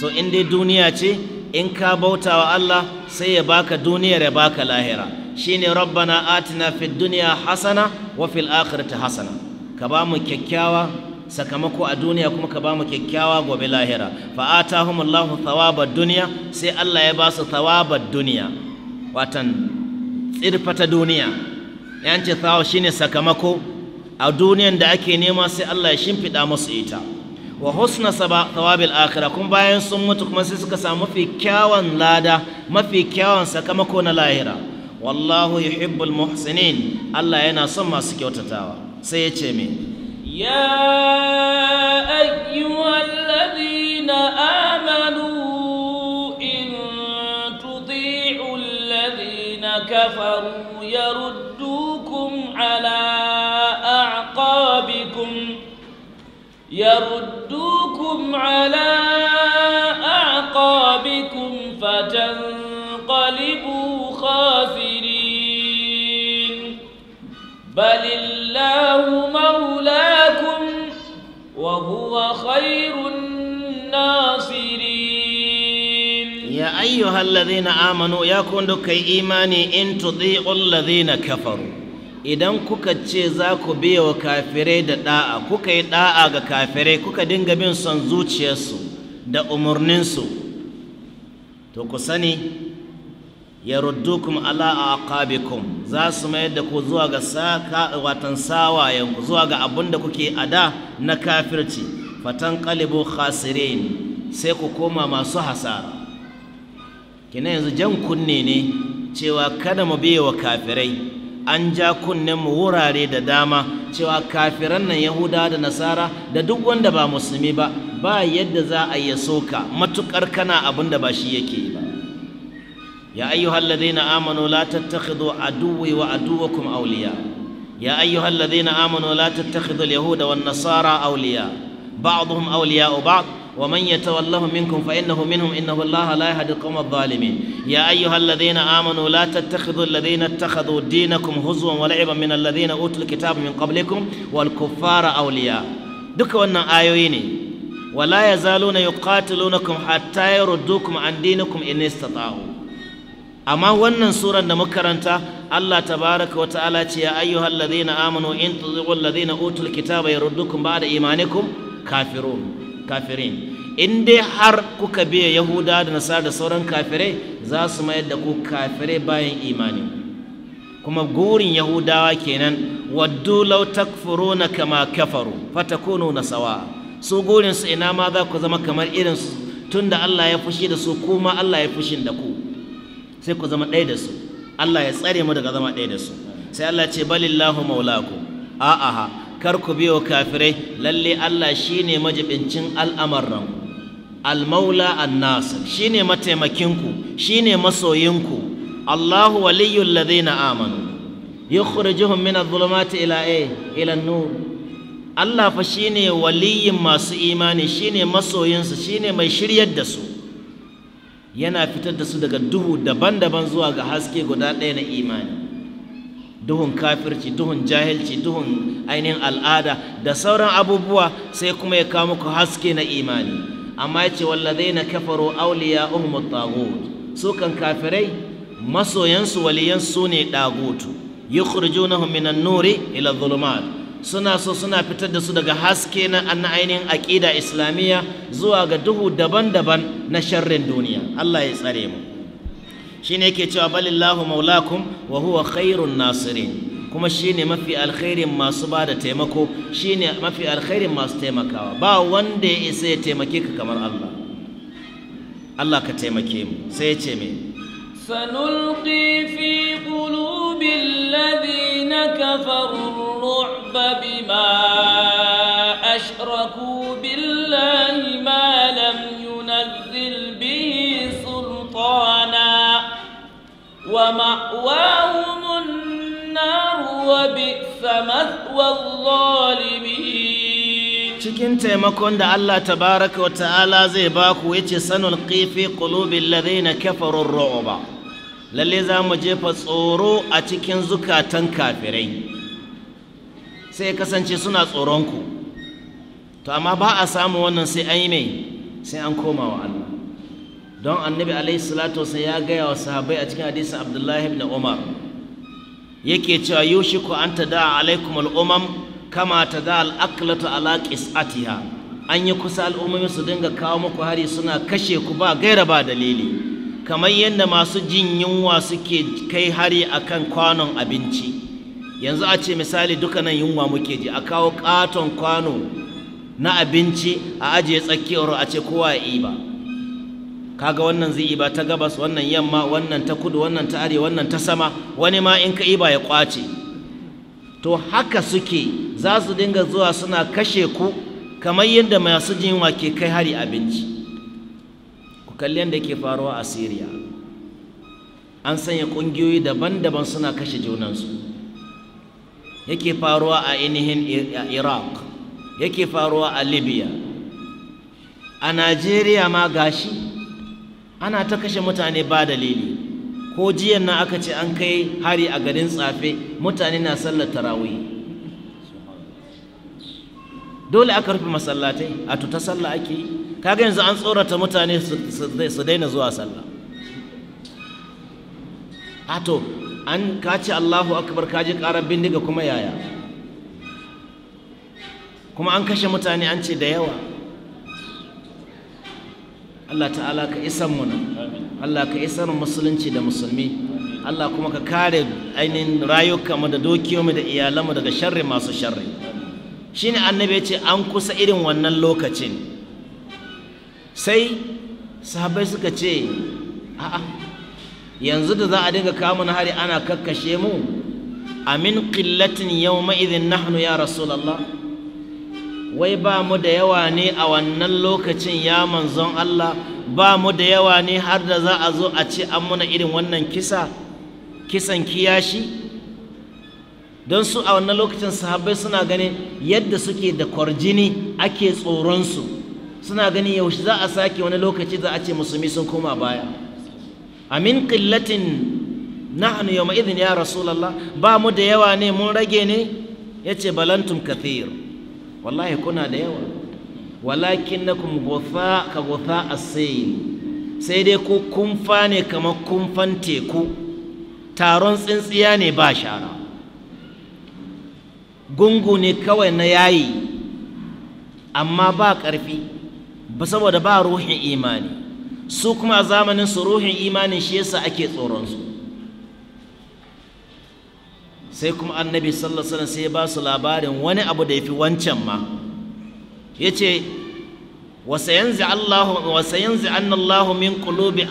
so in dai duniya ce in ka bauta wa Allah sai ya baka duniyar ya baka lahira shine rabbana atina fid dunya hasana wa fil akhirati hasana ka ba mu kyakkyawa sakamako a duniya kuma ka ba mu kyakkyawa gobe lahira fa atahumullahu thawabad duniya sai Allah ya ba su thawabad duniya watan tsirfa duniya Yanci ce shine sakamako a duniyan da ake nema sai Allah ya shimfiɗa musu ita wa husna thawabil akhira kuma bayan sun mutu kuma sai suka samu mafi kyawan lada mafi kyawan sakamako na lahira والله يحب المحسنين الله ينا سما سكيوتا تاوا سيتشيمي يا ايها الذين امنوا ان تطيعوا الذين كفروا يردوكم على اعقابكم يردوكم على اعقابكم فتنقلبوا خاسرين بل الله مولاكم وهو خير الناصرين يا أيها الذين آمنوا يا كندك إيماني إن تضيعوا الذين كفروا idan kuka ce za ku biya wa kafirai da da'a kuka yi da'a ga kafirai kuka dinga bin son zuciyarsu da umarninsu to ku sani yaruddukum ala aqabikum za su mayar da ku zuwa ga saka watan sawayen zuwa ga abin da kuke ada na kafirci fatan qalibu khasirin sai ku koma masu hasara kina yanzu jan kunne ne cewa kada mu biye wa kafirai an ja kunnen mu wurare da dama cewa kafiran nan yahudawa da nasara da duk wanda ba musulmi ba ba yadda za a yi soka matukar kana abin da ba shi yake ba يا أيها الذين آمنوا لا تتخذوا عدوي وعدوكم أولياء يا أيها الذين آمنوا لا تتخذوا اليهود والنصارى أولياء بعضهم أولياء بعض ومن يتولهم منكم فإنه منهم إنه الله لا يهدي القوم الظالمين يا أيها الذين آمنوا لا تتخذوا الذين اتخذوا دينكم هزوا ولعبا من الذين أوتوا الكتاب من قبلكم والكفار أولياء دك وأن آيويني ولا يزالون يقاتلونكم حتى يردوكم عن دينكم إن استطاعوا amma wannan suran da makaranta Allah tabaraka wa ta'ala ce ya ayyuhal ladhina amanu in tudhiqu alladhina utul kitaba yaruddukum ba'da imanikum kafirun kafirin in dai har kuka biya yahuda da nasara da sauran kafirai za su mayar da ku kafirai bayan imani kuma gurin yahudawa kenan waddu law takfuruna kama kafaru fatakunu nasawa su gurin su ina ma za ku zama kamar irin su tunda Allah ya fushi da su kuma Allah ya fushi da ku sai ku zama ɗaya da su Allah ya tsare mu daga zama ɗaya da su sai Allah ce balillahu maulaku a'a kar ku biyo kafirai lalle Allah shine majibincin al'amarran almaula annas shine mataimakinku shine masoyinku Allahu waliyyul ladina amanu yukhrijuhum min adh-dhulumati ila eh, ila an-nur Allah fa shine waliyin masu imani shine masoyinsu shine mai shiryar da su yana fitar da su daga duhu daban-daban zuwa ga haske guda ɗaya na imani duhun kafirci duhun jahilci duhun ainihin al'ada da sauran abubuwa sai kuma ya kawo muku haske na imani amma ya ce walladai na kafaro auliya umu tagut su kan kafirai masoyansu waliyansu ne dagutu yukhrijunahum minan nuri ila dhulumat suna so suna fitar da su daga haske na ainihin aƙida islamiyya zuwa ga duhu daban-daban na sharrin duniya Allah ya tsare mu ne yake cewa balillahu maulakum wa huwa khairun nasirin kuma shi ne mafi alkhairin masu ba da taimako ne mafi alkhairin masu taimakawa ba wanda ya isa ya taimake ka kamar Allah Allah ka taimake mu sai ya ce me sanulqi fi qulubil ladhi كفروا الرعب بما أشركوا بالله ما لم ينزل به سلطانا ومأواهم النار وبئس مثوى الظالمين شكين تيمكون دا الله تبارك وتعالى زي باكو يتي سنلقي في قلوب الذين كفروا الرعب lalle za mu jefa tsoro a cikin zukatan kafirai sai kasance suna tsoronku to amma ba a samu wannan sai an yi mai sai an koma wa Allah don annabi alaihi salatu sai ya gaya wa sahabai a cikin hadisin abdullahi ibn umar yake cewa yushiku an tada alaikum al'umam kama ta da al'aklatu ala qis'atiha an yi kusa al'ummomi su dinga kawo muku hari suna kashe ku ba gaira ba dalili kamar yadda masu jin yunwa suke kai hari akan kwanon abinci yanzu a ce misali nan yunwa muke ji a kawo katon kwano na abinci a ajiye tsakiyar a ce kowa ya iba kaga wannan zai iba ta gabas wannan yamma wannan ta kudu wannan ta arewa wannan ta sama wani ma in ka iba ya kwace to haka suke za su dinga zuwa suna kashe ku kamar yadda masu jin yunwa ke kai hari abinci kalli da ke faruwa a Syria an sanya kungiyoyi daban-daban suna kashe junansu yake faruwa a ainihin Iraq yake faruwa a Libya a nigeria ma gashi ana ta kashe mutane ba dalili ko jiyan na aka ce an kai hari a garin tsafe mutane na sallar tarawih dole aka rufe masallatai a tuta sallah ake yi kaga yanzu an tsorata mutane su daina zuwa sallah ato an kace Allahu akbar kaji karar bindiga kuma yaya kuma an kashe mutane an ce da yawa Allah ta'ala ka isan mu Allah ka isan musulunci da musulmi Allah kuma ka kare ainihin rayukanmu da dokiyomi da iyalanmu daga sharri masu sharri shine annabi ya ce an kusa irin wannan lokacin sai sahabai suka ce a'a yanzu da za a dinga kamun hari ana kakkashe mu amin yau yawma idhin nahnu ya rasulullah wai ba mu da yawa ne a wannan lokacin ya manzon Allah ba mu da yawa ne har da za a zo a ce an muna irin wannan kisa kisan kiyashi don su a wannan lokacin sahabbai suna ganin yadda suke da kwarjini ake tsoronsu suna ganin yaushe za a sake wani lokaci za a ce musulmi sun koma baya amin qillatin nahnu yawma idhin ya rasulullah ba mu da yawa ne mun rage ne yace balantum kathir wallahi kuna da yawa walakinnakum gutha ka gutha as sai dai ku kumfa ne kamar kumfan teku taron tsintsiya ne ba shara gungu ne kawai na yayi amma ba ƙarfi ba saboda ba ruhin imani su kuma a zamanin su ruhin imanin shi yasa ake tsoronsu sai kuma annabi sallallahu alaihi wasallam sai ya ba su labarin wani abu da yafi wancan ma yace wa sayanzi Allahu wa sayanzi anna Allahu min qulubi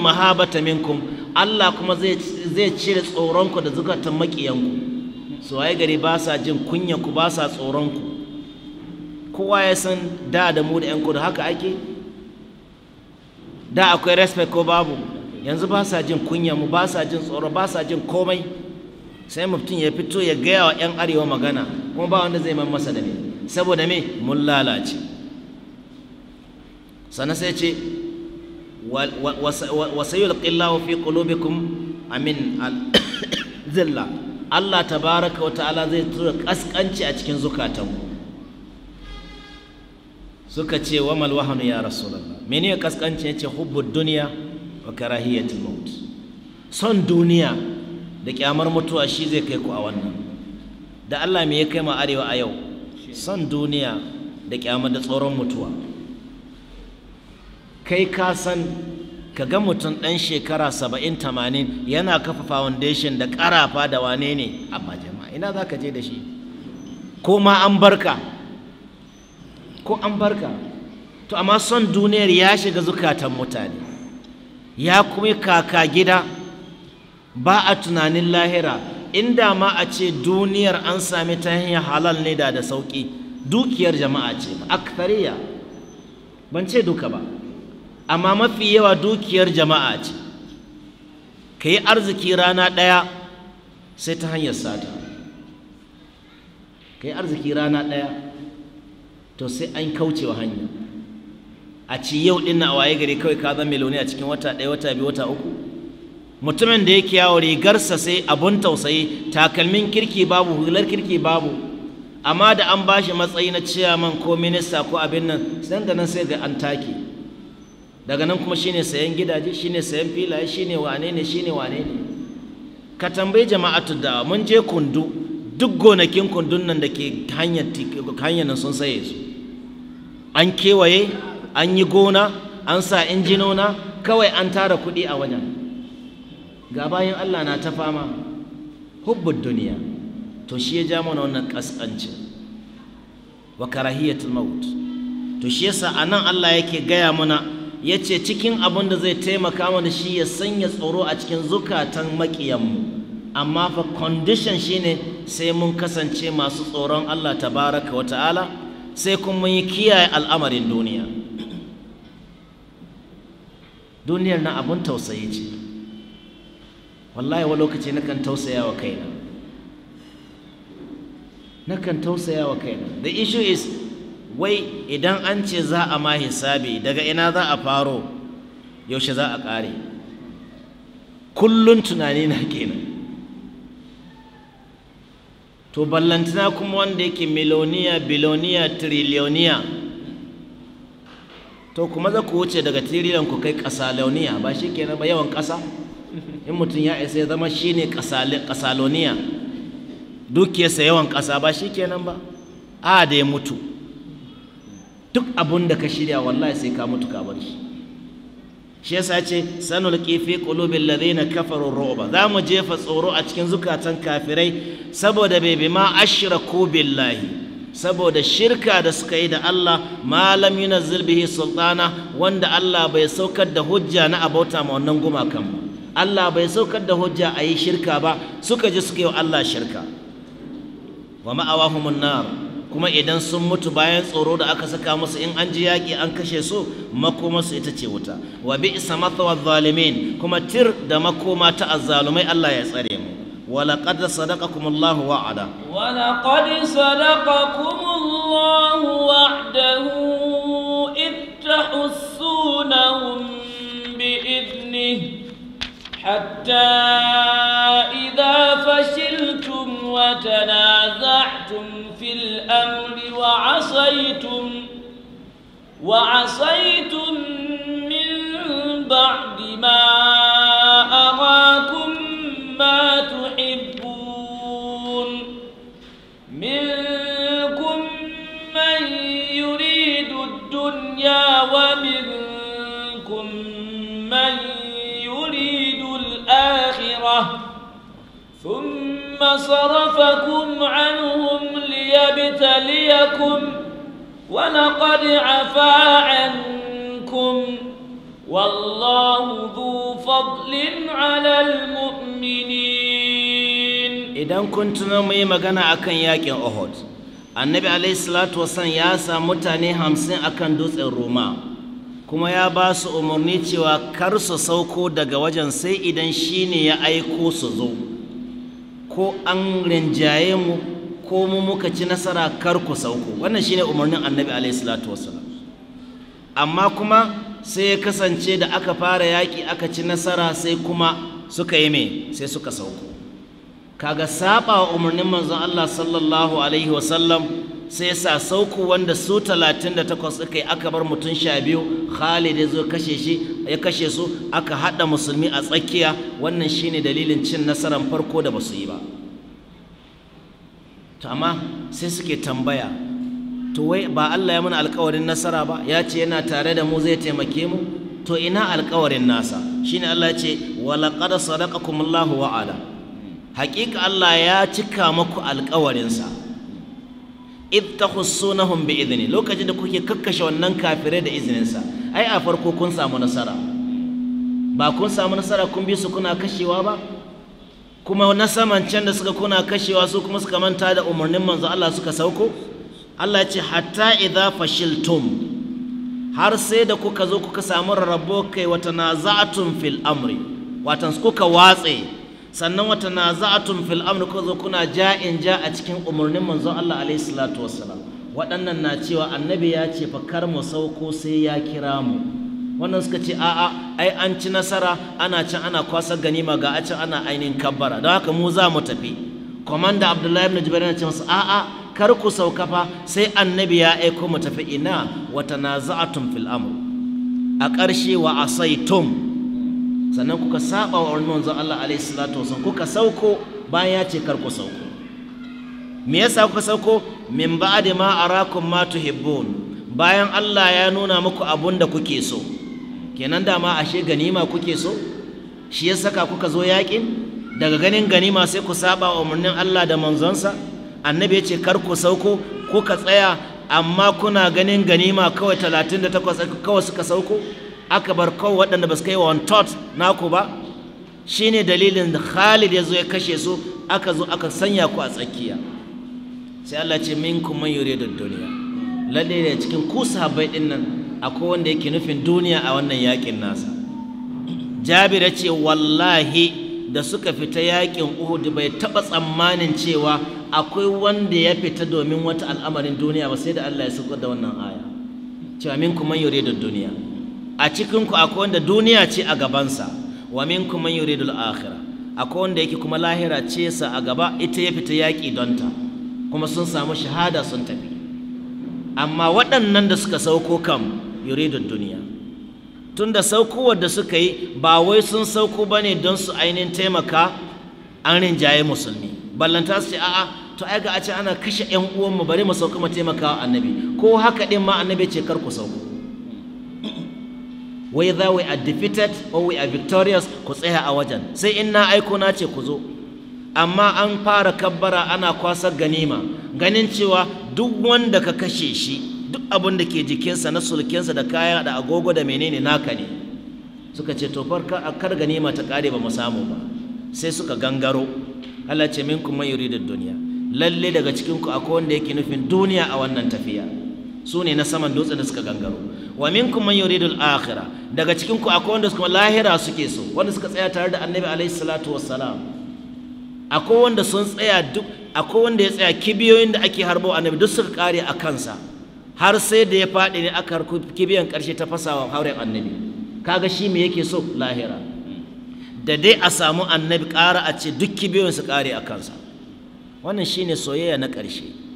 mahabata minkum Allah kuma zai zai cire tsoronku da zukatan makiyanku su waye gari ba sa jin ku ba sa ku. kowa ya san da da mu da 'yan kudu haka ake da akwai respect ko babu yanzu ba sa jin kunya mu ba sa jin tsoro ba sa jin komai sai mutum ya fito ya gaya wa 'yan arewa magana kuma ba wanda zai masa da me saboda me mun lalace sannan sai ce wasayul qillahu fi qulubikum amin [coughs] zilla Allah tabaraka wa ta'ala zai tura kaskanci a cikin zukatanku suka ce wa malwahanu ya rasulallah mene ya kaskanci ce hubbu duniya wa karahiyatul maut son duniya da kyamar mutuwa shi zai kai ku a wannan da Allah me ya kai ma arewa a yau son duniya da kyamar da tsoron mutuwa kai ka san ka ga mutum ɗan shekara saba'in tamanin yana kafa foundation da ƙarafa da wane ne amma jama'a ina za ka je da shi ko ma an barka ko an barka to amma son duniyar ya shiga zukatan mutane ya kuma kaka gida ba a tunanin lahira inda ma a ce duniyar an sami ta hanyar halal ne da da sauƙi dukiyar jama'a ce akthariya ban ce duka ba amma mafi yawa dukiyar jama'a ce ka yi arziki rana ɗaya sai ta hanyar sata ka yi arziki rana ɗaya to sai an kauce wa hanya a ci yau din na waye gari kawai ka zama miliyoni a cikin wata ɗaya wata biyu wata uku mutumin da yake yawo rigarsa sai abun tausayi takalmin kirki babu hular kirki babu amma da an bashi matsayi na ciyaman ko minista ko abin nan sai da nan sai da an take daga nan kuma shine sayan gidaje shine sayan filaye shine wane ne shine wane ne ka tambayi jama'atu da mun je kundu duk gonakin kundun nan da ke hanyar nan sun saye su an kewaye an yi gona an sa injinona kawai an tara kuɗi a wajen ga bayan Allah na ta fama hubbun duniya to shi ya ja mana wannan kaskancin wa karahiyatul maut to shi yasa nan Allah yake gaya mana ya ce cikin abin da zai taimaka mana shi ya sanya tsoro a cikin zukatan makiyanmu amma fa condition shine sai mun kasance masu tsoron Allah tabaraka wa ta'ala sai kuma yi kiyaye al'amarin duniya duniyar na abun tausayi ce wallahi wa lokaci nakan tausaya wa kaina nakan tausaya wa kaina the issue is wai idan an ce za a ma hisabi daga ina za a faro yaushe za a ƙare Kullum tunani na kenan to ballantana kuma wanda yake miloniya biloniya triliyoniya to kuma za ku wuce daga trillion ku kai kasaloniya ba shi kenan ba yawan kasa in mutum ya isa ya zama shi ne kasaloniya dukiyarsa yawan kasa ba shi kenan ba a da ya mutu duk abun da ka shirya wallahi sai ka mutu ka bar shi shi yasa ce sanulqi fi qulubil ladina kafaru ru'ba za mu jefa tsoro a cikin zukatan kafirai saboda bai bi ma ashraku billahi saboda shirka da suka yi da Allah malam yunazzil bihi sultana wanda Allah bai saukar da hujja na abauta ma wannan gumakan Allah bai saukar da hujja a yi shirka ba suka ji suka yi Allah shirka wa ma'awahumun nar kuma idan sun mutu bayan tsoro da aka saka musu in an ji yaƙi an kashe su makomarsu ita ce wuta wa bi isa mathawa zalimin kuma tir da makoma ta azzalumai Allah ya tsare mu ولقد صدقكم الله وعدا ولقد صدقكم الله وعده إذ تحسونهم بإذنه حتى إذا فشلتم وتنازعتم في الأمر وعصيتم وعصيتم من بعد ما أراكم ما تحبون منكم من يريد الدنيا ومنكم من يريد الآخرة ثم صرفكم عنهم ليبتليكم ولقد عفا عنكم والله ذو فضل على المؤمنين إذا كنت نمي مغانا أكن ياكن أهود النبي عليه الصلاة والسلام ياسا متاني همسين أكن دوس الرومان kuma ya ba su umarni cewa kar su sauko daga wajen sai idan shi ne ya aiko su zo ko an rinjaye mu ko mu muka ci nasara kar ku sauko wannan shi ne umarnin annabi alaihi salatu amma kuma sai ya kasance da aka fara yaƙi aka ci nasara sai kuma suka yi mai sai suka sauko kaga saba wa umarnin manzon Allah sallallahu alaihi wasallam sai sa sauku wanda su talatin da takwas suka yi aka bar mutum sha biyu Khalid ya zo kashe shi ya kashe su aka haɗa musulmi a tsakiya wannan shine dalilin cin nasarar farko da ba su yi ba to amma sai suke tambaya to wai ba Allah ya mana alkawarin nasara ba ya ce yana tare da mu zai taimake mu to ina alkawarin nasa shine Allah ya ce walaqad sadaqakumullahu wa'ada haƙiƙa Allah ya cika maku alkawarinsa id tahussunahum humbe izini lokacin da kuke kakkashe wannan kafirai da izininsa ai a farko kun samu nasara ba kun samu nasara kun bi su kuna kashewa ba kuma na saman can da suka kuna kashewa su kuma suka manta da umarnin manzo Allah suka sauko Allah ce hatta idza fashiltum har sai da kuka zo kuka samu rarrabo kai wata nazatun fil amri watan kuka watse sannan wata na za'atun fil amr ko zo kuna ja'in ja a cikin umarnin manzon Allah alaihi waɗannan na cewa annabi ya ce fa kar mu sauko sai ya kira mu wannan suka ce a'a ai an ci nasara ana can ana kwasa ganima ga a can ana ainihin kabbara don haka mu za mu tafi komanda abdullahi ibn jibril na ce masa a'a kar ku sauka fa sai annabi ya aiko mu tafi ina wa tanaza'atum fil amr a ƙarshe wa asaitum sannan kuka saba wa wani manzon Allah alaihi salatu wasallam kuka sauko bayan ya ce kar ku sauko me yasa kuka sauko min ba'di ma arakum ma tuhibbun bayan Allah ya nuna muku abun da kuke so kenan dama ashe ganima kuke so shi ya saka kuka zo yakin daga ganin ganima sai ku saba wa umarnin Allah da manzonsa annabi ya ce kar ku sauko kuka tsaya amma kuna ganin ganima kawai 38 kawai suka sauko aka bar kawai waɗanda ba su kai one naku ba Shi ne dalilin Khalid ya zo ya kashe su aka zo aka sanya ku a tsakiya sai Allah ce min kuma man da duniya. lalle da cikin ku sahabbai din nan akwai wanda yake nufin duniya a wannan yakin nasa Jabir ce wallahi da suka fita yakin Uhud bai taba tsammanin cewa akwai wanda ya fita domin wata al'amarin duniya ba sai da Allah ya saukar da wannan aya cewa minkum man da duniya. a cikinku akwai wanda duniya ce a gabansa wa minkum man yuridu al akwai wanda yake kuma lahira ce sa a gaba ita ya fita yaki don ta kuma sun samu shahada sun tafi amma waɗannan da suka sauko kam yuridu duniya tunda saukowar da suka yi ba wai sun sauko bane don su ainihin taimaka an rinjaye musulmi ballanta su ce a'a to ai ga a ce ana kashe 'yan uwanmu bari mu sauka mu taimaka annabi ko haka ɗin ma annabi ce kar ku sauko whether we are defeated or we are victorious ku tsaya a wajen sai in na aiko na ce ku zo amma an fara kabbara ana kwasar ganima ganin cewa duk wanda ka kashe shi duk abin da ke jikinsa na sulkinsa da kaya da agogo da menene naka ne suka ce to farka a kar ganima ta kare ba mu samu ba sai suka gangaro Allah ce minkum man yuridu dunya lalle daga cikin ku akwai wanda yake nufin duniya a wannan tafiya su ne na saman dutsen da suka gangaro wa minkum man yuridu al-akhirah daga cikin ku akwai wanda suka lahira suke so wanda suka tsaya tare da annabi alaihi salatu wassalam akwai wanda sun tsaya duk akwai wanda ya tsaya kibiyoyin da ake harbo annabi duk suka kare a kansa har sai da ya fadi ne aka harko kibiyan karshe ta fasawa hauren annabi kaga shi me yake so lahira da dai a samu annabi ƙara a ce duk kibiyoyin su kare a kansa wannan shine soyayya na ƙarshe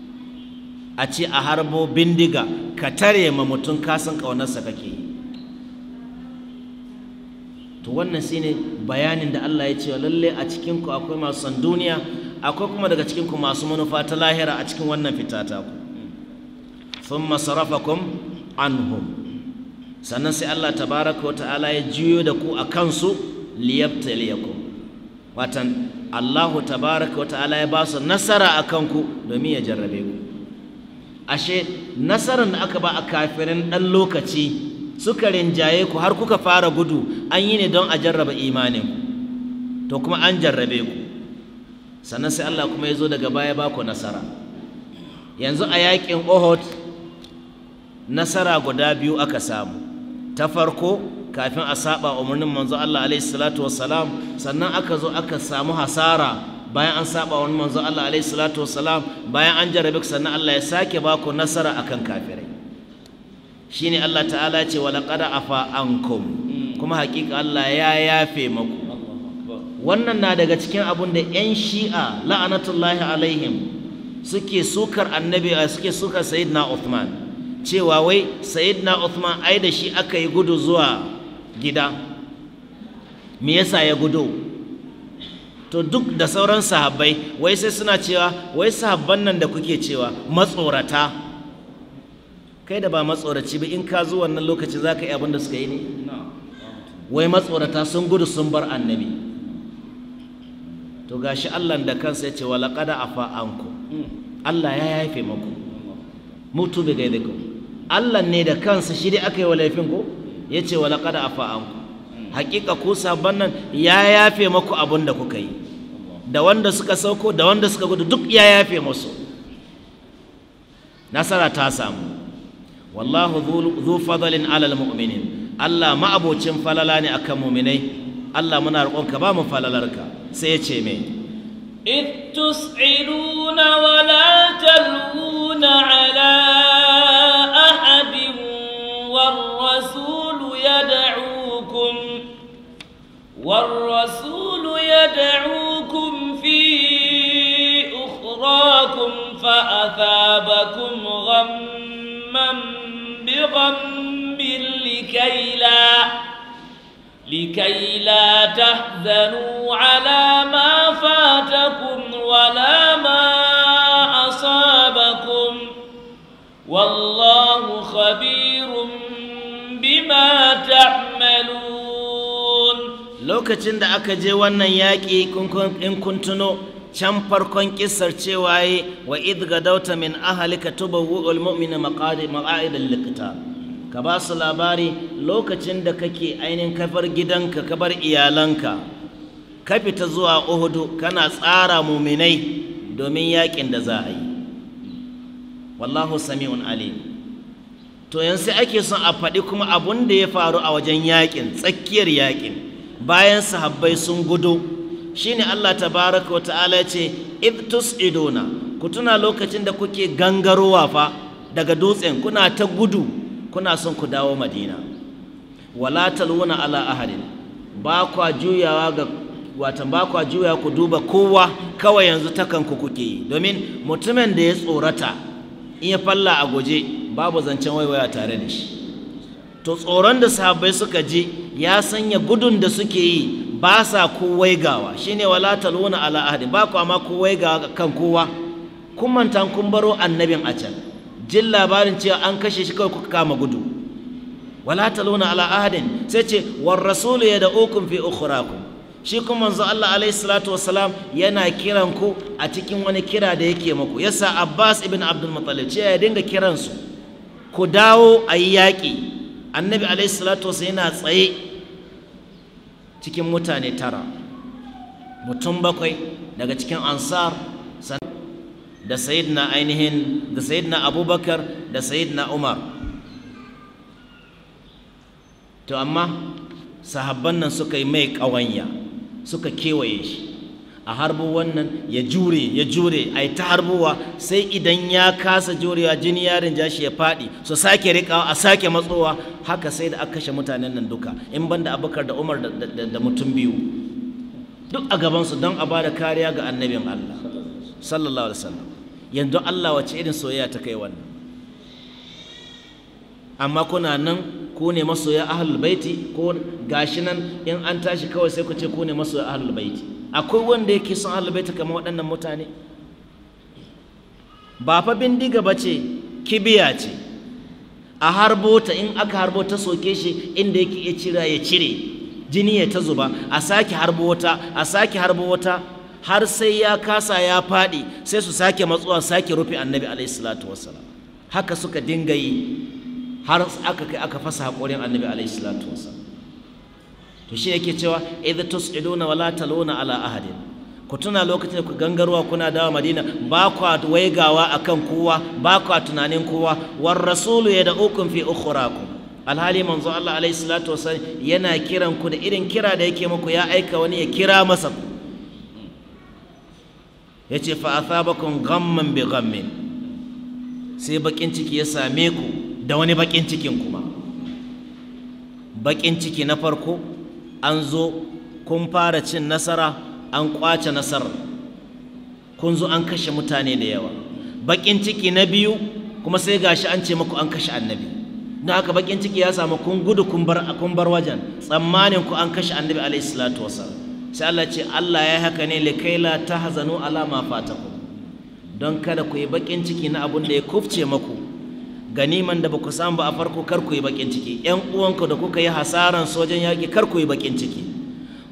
a ce a harbo bindiga ka tare ma mutum kasan ƙaunarsa kake yi to wannan shi ne bayanin da Allah ya ce wa lalle a cikin ku akwai masu san duniya akwai kuma daga cikinku masu manufa ta lahira a cikin wannan fita ta ku kun, sarafakum anhum sannan sai Allah ta baraka wa ta'ala ya juyo da ku a kansu liyabtaliyakum watan ta baraka wa ta'ala ya ba su nasara a kanku domin ya jarrabe ku ashe nasarar da aka ba a kafirin ɗan lokaci suka rinjaye ku har kuka fara gudu an yi ne don a jarraba imanin to kuma an jarrabe ku sannan sai Allah kuma ya zo daga baya ba ku nasara yanzu a yakin Ohot nasara guda biyu aka samu ta farko kafin a saba umarnin manzo Allah alaihi salatu wassalam sannan aka zo aka samu hasara bayan an saba wani manzo Allah alaihi salatu wasalam bayan an jarabe ku sannan Allah ya sake ba ku nasara akan kafirai shine Allah ta'ala ce wa laqad afa ankum kuma hakika Allah ya yafe maku wannan na daga cikin abun da yan shi'a la'anatullahi alaihim suke sukar annabi suke sukar sayyidina Uthman cewa wai sayyidina Uthman ai da shi aka yi gudu zuwa gida me yasa ya gudu to duk da sauran sahabbai wai sai suna cewa wai sahabban nan da kuke cewa matsorata kai da ba matsoraci ba in ka zo wannan lokaci, za ka yi abin da suka yi ne wai matsorata sun gudu sun bar annabi to gashi allah da kansa ya ce wa laƙada afa anku allah ya yafe maku mutu bi gaidikum allah ne da kansa shi dai aka yi wa laifin ku ya ce wa laƙada afa anku hakika ku sabon nan ya yafe maku abin da kuka yi da wanda suka sauko da wanda suka gudu duk ya yafe musu nasara ta samu wallahu zu fadalin alal mu'minin Allah ma'abocin falala ne akan mu'minai Allah muna roƙon ka ba mu falalarka sai ya ce mai إذ تسعلون ولا تلوون على أحد والرسول يدعوكم والرسول يدعوكم في أخراكم فأثابكم غما بغم لكي لا لكي لا تحزنوا على ما فاتكم ولا ما أصابكم والله خبير بما تعملون lokacin da aka je wannan yaƙi in kun tuno can farkon kisar cewa yi wa idga dauta min ahalika tubawu ulmu'mina maqa'idal likita ka ba su labari lokacin da kake ainihin kafar gidanka ka bar iyalanka ka fita zuwa uhudu kana tsara muminai domin yaƙin da za a yi wallahu sami'un alim to yanzu ake son a faɗi kuma abun da ya faru a wajen yaƙin tsakiyar yaƙin. bayan sahabbai sun shi shine Allah tabaraka wa ta'ala ya ce ibtus idona ku tuna lokacin da kuke gangarowa fa daga dutsen kuna ta gudu kuna son ku dawo madina wala wuna ala ahadin ba kwa juyawa juya ku duba kowa kawai yanzu takan ku kuke yi domin mutumin da ya tsorata in ya falla a guje babu zancen waiwaya tare da shi to tsoron da sahabbai suka je ya sanya gudun da suke yi ba sa kowai gawa shine wala taluna ala ahadin ba ku amma kowai gawa kan kowa kun manta kun baro annabin a can jin labarin cewa an kashe shi kawai kuka kama gudu wala taluna ala ahadin sai ce war rasulu yad'ukum fi ukhrakum shi kuma manzo Allah alaihi salatu wasalam yana kiran ku a cikin wani kira da yake muku yasa Abbas ibn Abdul Muttalib ce ya dinga kiransu. ku dawo ayi yaƙi annabi alaihi salatu wasu yana tsaye cikin mutane tara mutum bakwai daga cikin ansar da sayidina ainihin da sayidina abubakar da sayidina umar to amma sahabban nan suka yi mai ƙawanya suka kewaye shi a harbo wannan ya jure ya jure a yi ta harbowa sai idan ya kasa jurewa jini yarin jashi ya faɗi su sake riƙawa a sake matsowa haka sai da aka kashe mutanen nan duka in ban da abakar da umar da mutum biyu duk a gabansu don a bada kariya ga annabin allah sallallahu alaihi wasallam yanzu allah wace irin soyayya ta kai wannan amma kuna nan ku ne masoya ahlul baiti ko gashi nan in an tashi kawai sai ku ce ku ne masoya ahlul baiti akwai wanda yake son ta kamar waɗannan mutane ba fa bindiga ba ce kibiya ce a harbo ta in aka harbo ta soke shi inda yake iya cira ya cire jini ya ta zuba a sake harbo a sake harbo wata har sai ya kasa ya faɗi sai su sake matsuwa sake rufe annabi alaihi salatu wassalam haka suka dinga yi har aka kai aka fasa haƙorin annabi alaihi salatu wassalam to shi yake cewa idza tus'iduna wala taluna ala ahadin ku tuna lokacin da ku gangarwa kuna dawa madina ba kwa waigawa akan kowa ba kwa tunanin kowa war rasulu yad'ukum fi ukhrakum alhali manzo Allah alaihi salatu wasallam yana kiran ku da irin kira da yake muku ya aika wani ya kira masa ku yace fa athabakum ghamman bi ghammin sai bakin ciki ya same ku da wani bakin cikin kuma bakin ciki na farko an zo kun fara cin nasara an kwace nasarar kun zo an kashe mutane da yawa bakin ciki na biyu kuma sai gashi an ce muku an kashe annabi don haka bakin ciki ya samu kun gudu kun bar wajen tsammanin ku an kashe annabi alayhi salatu wasallam sai Allah ce Allah ya haka ne la tahzanu ala ma fataku don kada ku yi bakin ciki na abun da ya kufce muku ganiman da baku samu ba a farko kar ku yi bakin ciki yan uwanku da kuka yi hasaran sojan yaƙi kar ku yi bakin ciki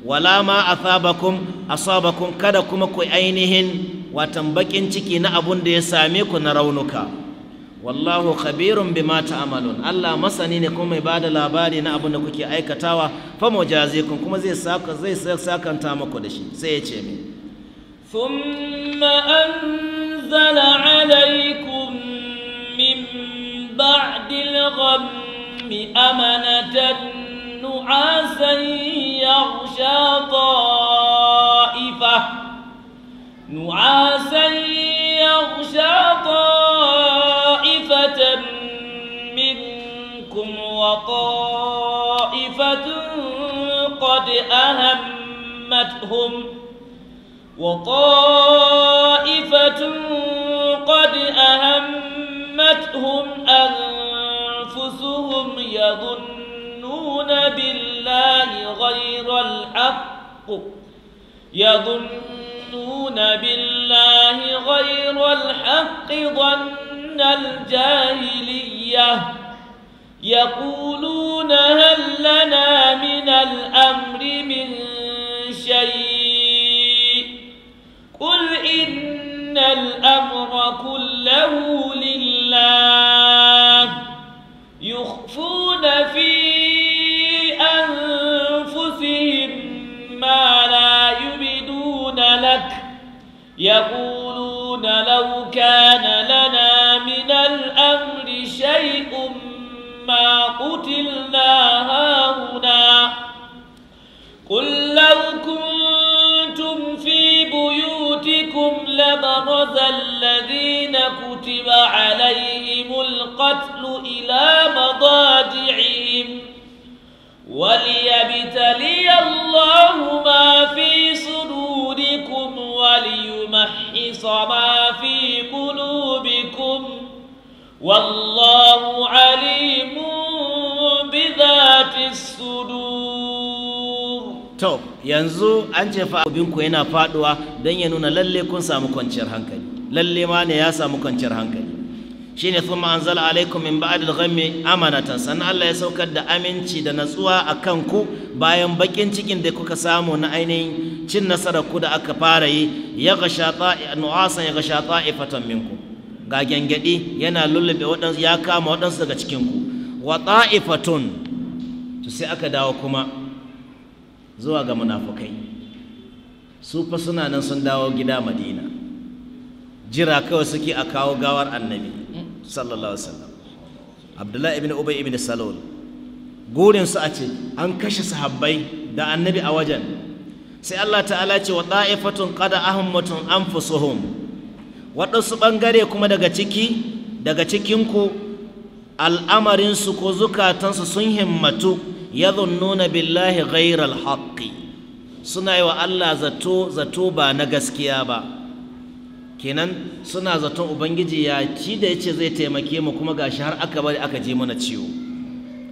wala ma ba asabakum kada kuma ku ainihin watan bakin ciki na abun da ya same ku na raunuka wallahu khabirun bima ta'malun Allah masani ne kuma mai bada labari na abun da kuke aikatawa fa mujazikum kuma zai saka zai sakanta muku da shi sai ya ce mi thumma anzala alaykum min بعد الغم أمنة نعاسا يغشى طائفة نعاسا يغشى طائفة منكم وطائفة قد أهمتهم وطائفة قد أهمتهم أهمتهم أنفسهم يظنون بالله غير الحق يظنون بالله غير الحق ظن الجاهلية يقولون هل لنا من الأمر من شيء قل إن الأمر كله لله يخفون في أنفسهم ما لا يبدون لك يقولون لو كان لنا من الأمر شيء ما قتلنا هاهنا قل لو كنت كنتم في بيوتكم لبرز الذين كتب عليهم القتل إلى مضاجعهم وليبتلي الله ما في صدوركم وليمحص ما في قلوبكم والله عليم بذات الصدور to yanzu an ce fa abinku yana faduwa don ya nuna lalle kun samu kwanciyar hankali lalle ma ne ya samu kwanciyar hankali shine thumma anzala alaikum min ba'd al-ghammi amanatan sannan Allah ya saukar da aminci da natsuwa akan ku bayan bakin cikin da kuka samu na ainihin cin nasarar ku da aka fara yi ya gasha ta'i nu'asan ya gasha ta'ifatan minkum ga gengedi yana lullube waɗansu ya kama waɗansu daga cikin ku wa ta'ifatun to sai aka dawo kuma zuwa ga munafukai su fa suna nan sun dawo gida madina jira kawai suke a kawo gawar annabi sallallahu alaihi wasallam abdullahi ibn ubay ibn salul gurin su a ce an kashe sahabbai da annabi a wajen sai Allah ta'ala ce wa da'ifatun qada ahmatun anfusuhum waɗansu ɓangare kuma daga ciki daga cikinku al'amarinsu ko zukatansu sun himmatu yadhunnuna billahi ghairal haqqi suna yi wa Allah zato zato ba na gaskiya ba kenan suna zaton ubangiji ya ci da yace zai taimake mu kuma gashi har aka bari aka je mana ciwo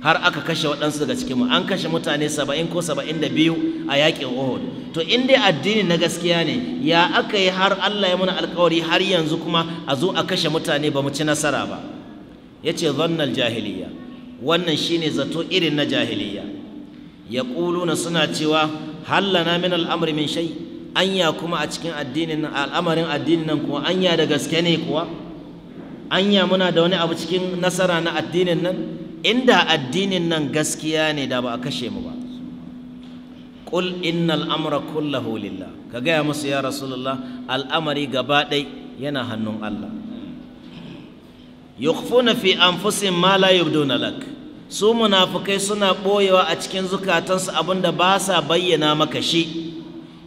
har aka kashe waɗansu daga cikin mu an kashe mutane saba'in ko saba'in da biyu a yaƙin Uhud to in dai addini na gaskiya ne ya aka yi har Allah ya muna alƙawari har yanzu kuma a zo a kashe mutane ba mu ci nasara ba yace zannal jahiliya wannan shine zato irin na jahiliya yaquluna suna cewa hallana min al'amri min shay anya kuma a cikin addinin al'amarin addinin nan kuwa anya da gaske ne kuwa anya muna da wani abu cikin nasara na addinin nan inda addinin nan gaskiya ne da ba a kashe mu ba qul innal amra kullahu lillah ka gaya musu ya rasulullah al'amari gaba ɗaya yana hannun Allah yukhfuna fi anfusihim ma la yubduna lak su munafukai suna ɓoyewa a cikin zukatansu abinda ba sa bayyana maka shi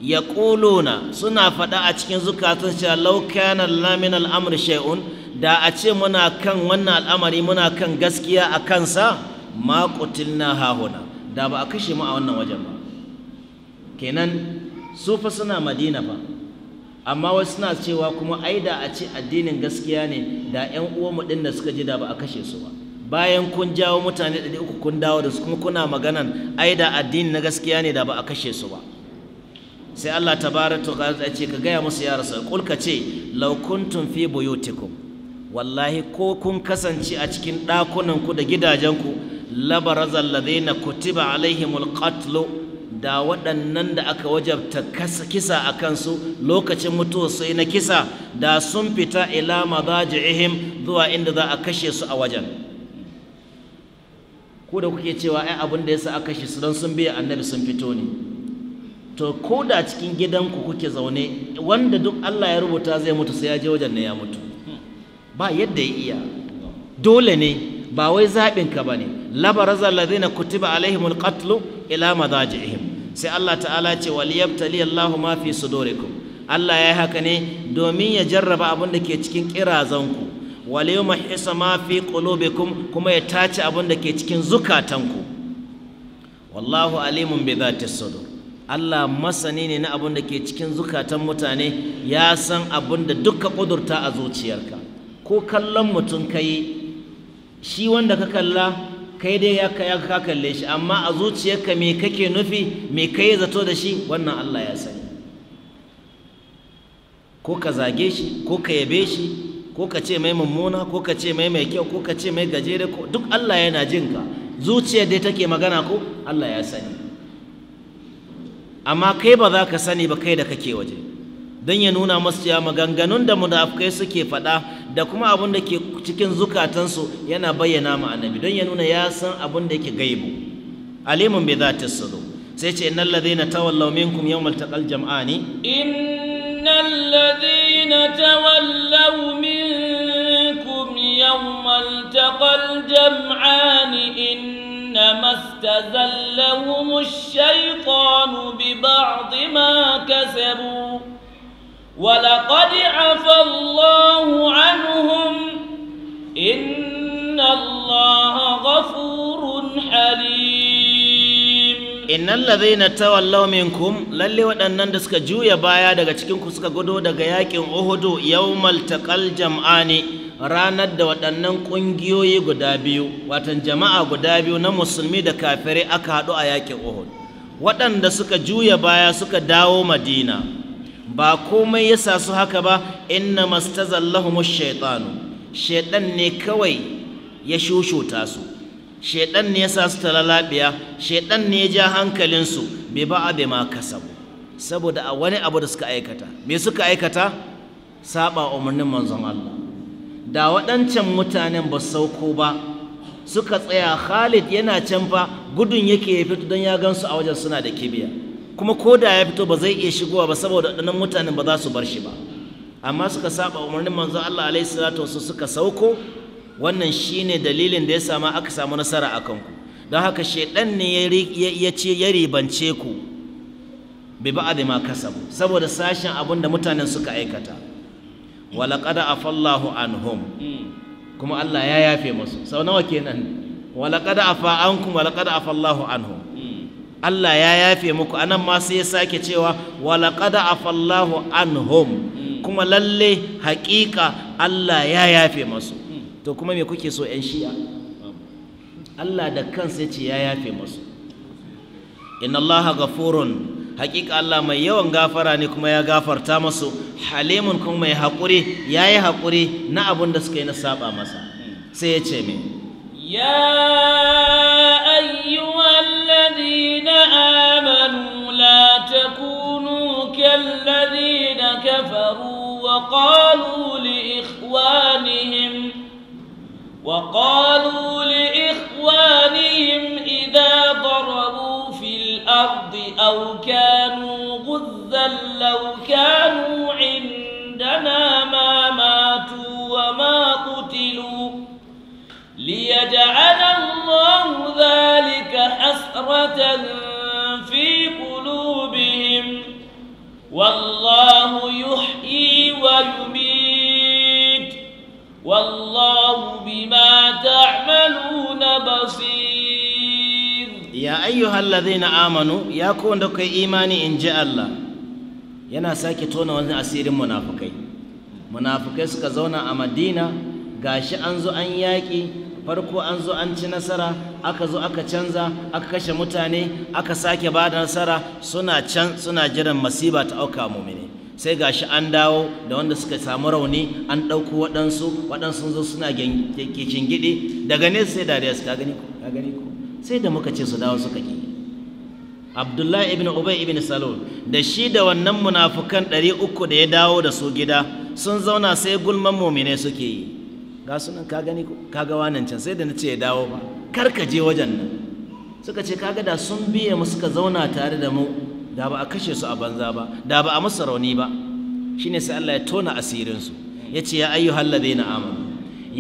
ya ƙuluna suna faɗa a cikin zukatansu cewa laukanan lamin al'amur shai'un da a ce muna kan wannan al'amari muna kan gaskiya a kansa ma na hahuna da ba a kashe mu a wannan wajen ba kenan su fa suna madina ba. amma wasu suna cewa kuma ai da a ce addinin gaskiya ne da ƴan uwanmu ɗin da suka ji da ba a kashe su ba bayan kun jawo mutane ɗari uku kun dawo da su kuma kuna maganan ai da addini na gaskiya ne da ba a kashe su ba sai Allah tabaraka wa ta'ala ce ka gaya musu ya rasul kul ka ce law kuntum fi buyutikum wallahi ko kun kasance a cikin ɗakunan da gidajen ku labarazal ladaina kutiba alaihimul qatlu da waɗannan da aka wajabta kisa a kansu lokacin mutuwa sai na kisa da sun fita ila madaji'ihim zuwa inda za a kashe su a wajen ko da kuke cewa ai abin da yasa aka kashe su don sun biya annabi sun fito ne to ko da cikin gidanku kuke zaune wanda duk Allah ya rubuta zai mutu sai ya je wajen ne ya mutu ba yadda ya iya dole ne ba wai zaɓinka ba ne labaraza lazina kutiba alaihimul qatlu ila madajihim sai Allah ta'ala ce waliyabtali Allahu ma fi sudurikum Allah ya yi haka ne domin ya jarraba abin da ke cikin kirazanku waliyuma hisa ma fi qulubikum kuma ya tace abin da ke cikin zukatanku wallahu alimun bi dhati sudur Allah masani ne na abin da ke cikin zukatan mutane ya san abin da duka kudurta a zuciyarka ko kallon mutum ka shi wanda ka kalla kai dai ya ka kalle shi amma a zuciyarka me kake nufi me kai zato da shi wannan Allah ya sani ko ka zage shi ko ka yabe shi ko ka ce mai mummuna ko ka ce mai mai kyau ko ka ce mai gajere ko duk Allah yana jin ka zuciyar dai take magana ko Allah ya sani amma kai ba za ka sani ba kai da kake waje don ya nuna masu cewa maganganun da munafukai suke faɗa da kuma abin da ke cikin zukatansu yana bayyana ma annabi don ya nuna ya san abin da yake gaibu alimun bai za ta sudu sai ce inna ladhina tawallaw minkum yawmal taqal jam'ani innal ladhina tawallaw minkum yawmal taqal jam'ani إنما استزلهم الشيطان ببعض ما كسبوا ولقد عفى الله عنهم إن الله غفور حليم إن الذين تولوا منكم للي ودنن da suka juya baya daga cikin ku suka gudo daga yakin Uhud yawmal taqal jam'ani ranar da waɗannan ƙungiyoyi guda biyu watan jama'a guda biyu na musulmi da kafirai aka haɗu a yakin Uhud waɗanda suka juya baya suka dawo Madina ba komai ya sa su haka ba inna mastazallahum shaytanu shaytan ne kawai ya shushuta su shaytan ne ya sa su talalabiya shaytan ne ya ja hankalin su bi ba'a ma kasabu saboda a wani abu da suka aikata me suka aikata saba umarnin manzon Allah da waɗancan mutanen ba sauko ba suka tsaya Khalid yana can fa gudun yake ya fito don ya gansu a wajen suna da kibiya kuma ko da ya fito ba zai iya shigowa ba saboda waɗannan mutanen ba za su bar shi ba amma suka saba umarnin manzo Allah alaihi salatu wasu suka sauko wannan shine dalilin da ya sama aka samu nasara a kanku don haka shaidan ne ya ce ya ribance ku bi ba'd ma kasabu saboda sashen abin da mutanen suka aikata qada afallahu anhum kuma Allah ya yafe musu sau nawa kenan qada afa ankum qada afallahu anhum Allah ya yafe muku anan ma sai ya sake cewa walaqad afallahu anhum kuma lalle haƙiƙa Allah ya yafe masu to kuma me kuke so 'yan shi'a Allah da kansa ya ce ya yafe masu inna Allah ghafurun haƙiƙa Allah mai yawan gafara ne kuma ya gafarta masu halimun kuma mai haƙuri ya yi haƙuri na abin da suka yi na saba masa sai ya ce me ya أيها الذين آمنوا لا تكونوا كالذين كفروا وقالوا لإخوانهم وقالوا لإخوانهم إذا ضربوا في الأرض أو كانوا غزا لو كانوا عندنا ما ماتوا وما قتلوا حسرة في قلوبهم والله يحيي ويميت والله بما تعملون بصير يا أيها الذين آمنوا يا كون دك إيماني إن جاء الله yana sake tona wani asirin munafukai munafukai suka zauna a madina gashi an zo an yaƙi farko an zo an ci nasara aka zo aka canza aka kashe mutane aka sake ba da nasara suna can suna jiran masiba ta auka mumini sai gashi an dawo da wanda suka samu rauni an ɗauko waɗansu waɗansu zo suna gidi daga ne sai dariya su gani ko gani ko sai da muka ce su dawo suka ki abdullahi ibn ubay ibn salul da shi da wannan munafukan ɗari uku da ya dawo da su gida sun zauna sai gulman mumine suke yi ga sunan ka gani ka ga wannan can sai da na ce ya dawo ba kar ka je wajen nan suka ce kaga da sun biye mu suka zauna tare da mu da ba a kashe su a banza ba da ba a musu rauni ba shine sai Allah ya tona asirin su yace ya ayyuhal ladina amanu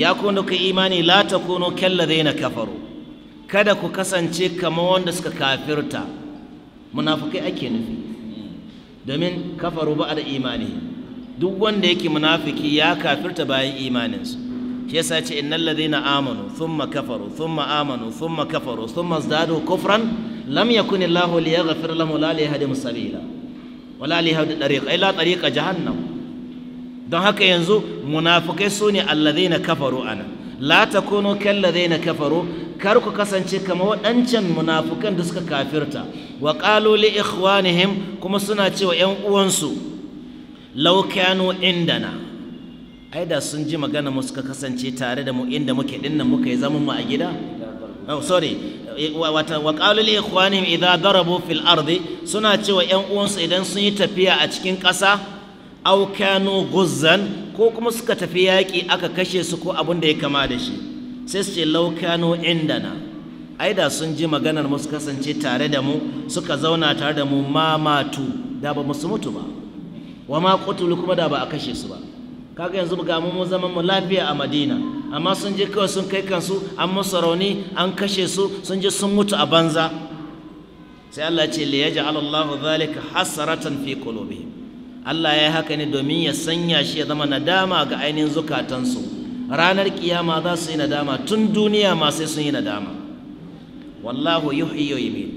ya ku ka imani la takunu kal ladina kafaru kada ku kasance kamar wanda suka kafirta munafukai ake nufi domin kafaru ba da imani duk wanda yake munafiki ya kafirta bayan imaninsu shi yasa ce innal ladhina amanu thumma kafaru thumma amanu thumma kafaru thumma zadu kufran lam yakun Allahu liyaghfir lahum la liyahdihim sabila wala liyahdihim tariqa illa tariqa jahannam don haka yanzu munafikai sune alladhina kafaru ana la takunu kal ladhina kafaru kar ku kasance kamar waɗancan munafukan da suka kafirta wa qalu li ikhwanihim kuma suna cewa ƴan uwansu law kanu indana ai da sun ji magana mu suka kasance tare da mu inda muke dinnan muka yi zaman mu a gida oh sorry eh, wata wa qalu li darabu fil ardi suna cewa yan uwansu idan sun yi tafiya a cikin ƙasa aw kanu guzzan ko kuma suka tafi yaki aka kashe su ko abin da ya kama da shi sai su ce law kanu indana ai da sun ji maganar mu kasance tare da mu suka zauna tare da mu mamatu da ba musu mutu ba wa ma kuma da ba a kashe su ba kaga yanzu ga mu zaman mu lafiya a madina amma sun je kawai sun kai kansu an musu rauni an kashe su sun je sun mutu a banza sai Allah ce li yaj'al Allah zalika hasratan fi qulubihim Allah ya haka ne domin ya sanya shi ya zama nadama ga ainihin zukatansu ranar kiyama za su yi nadama tun duniya ma sai sun yi nadama wallahu yuhyi wa yumit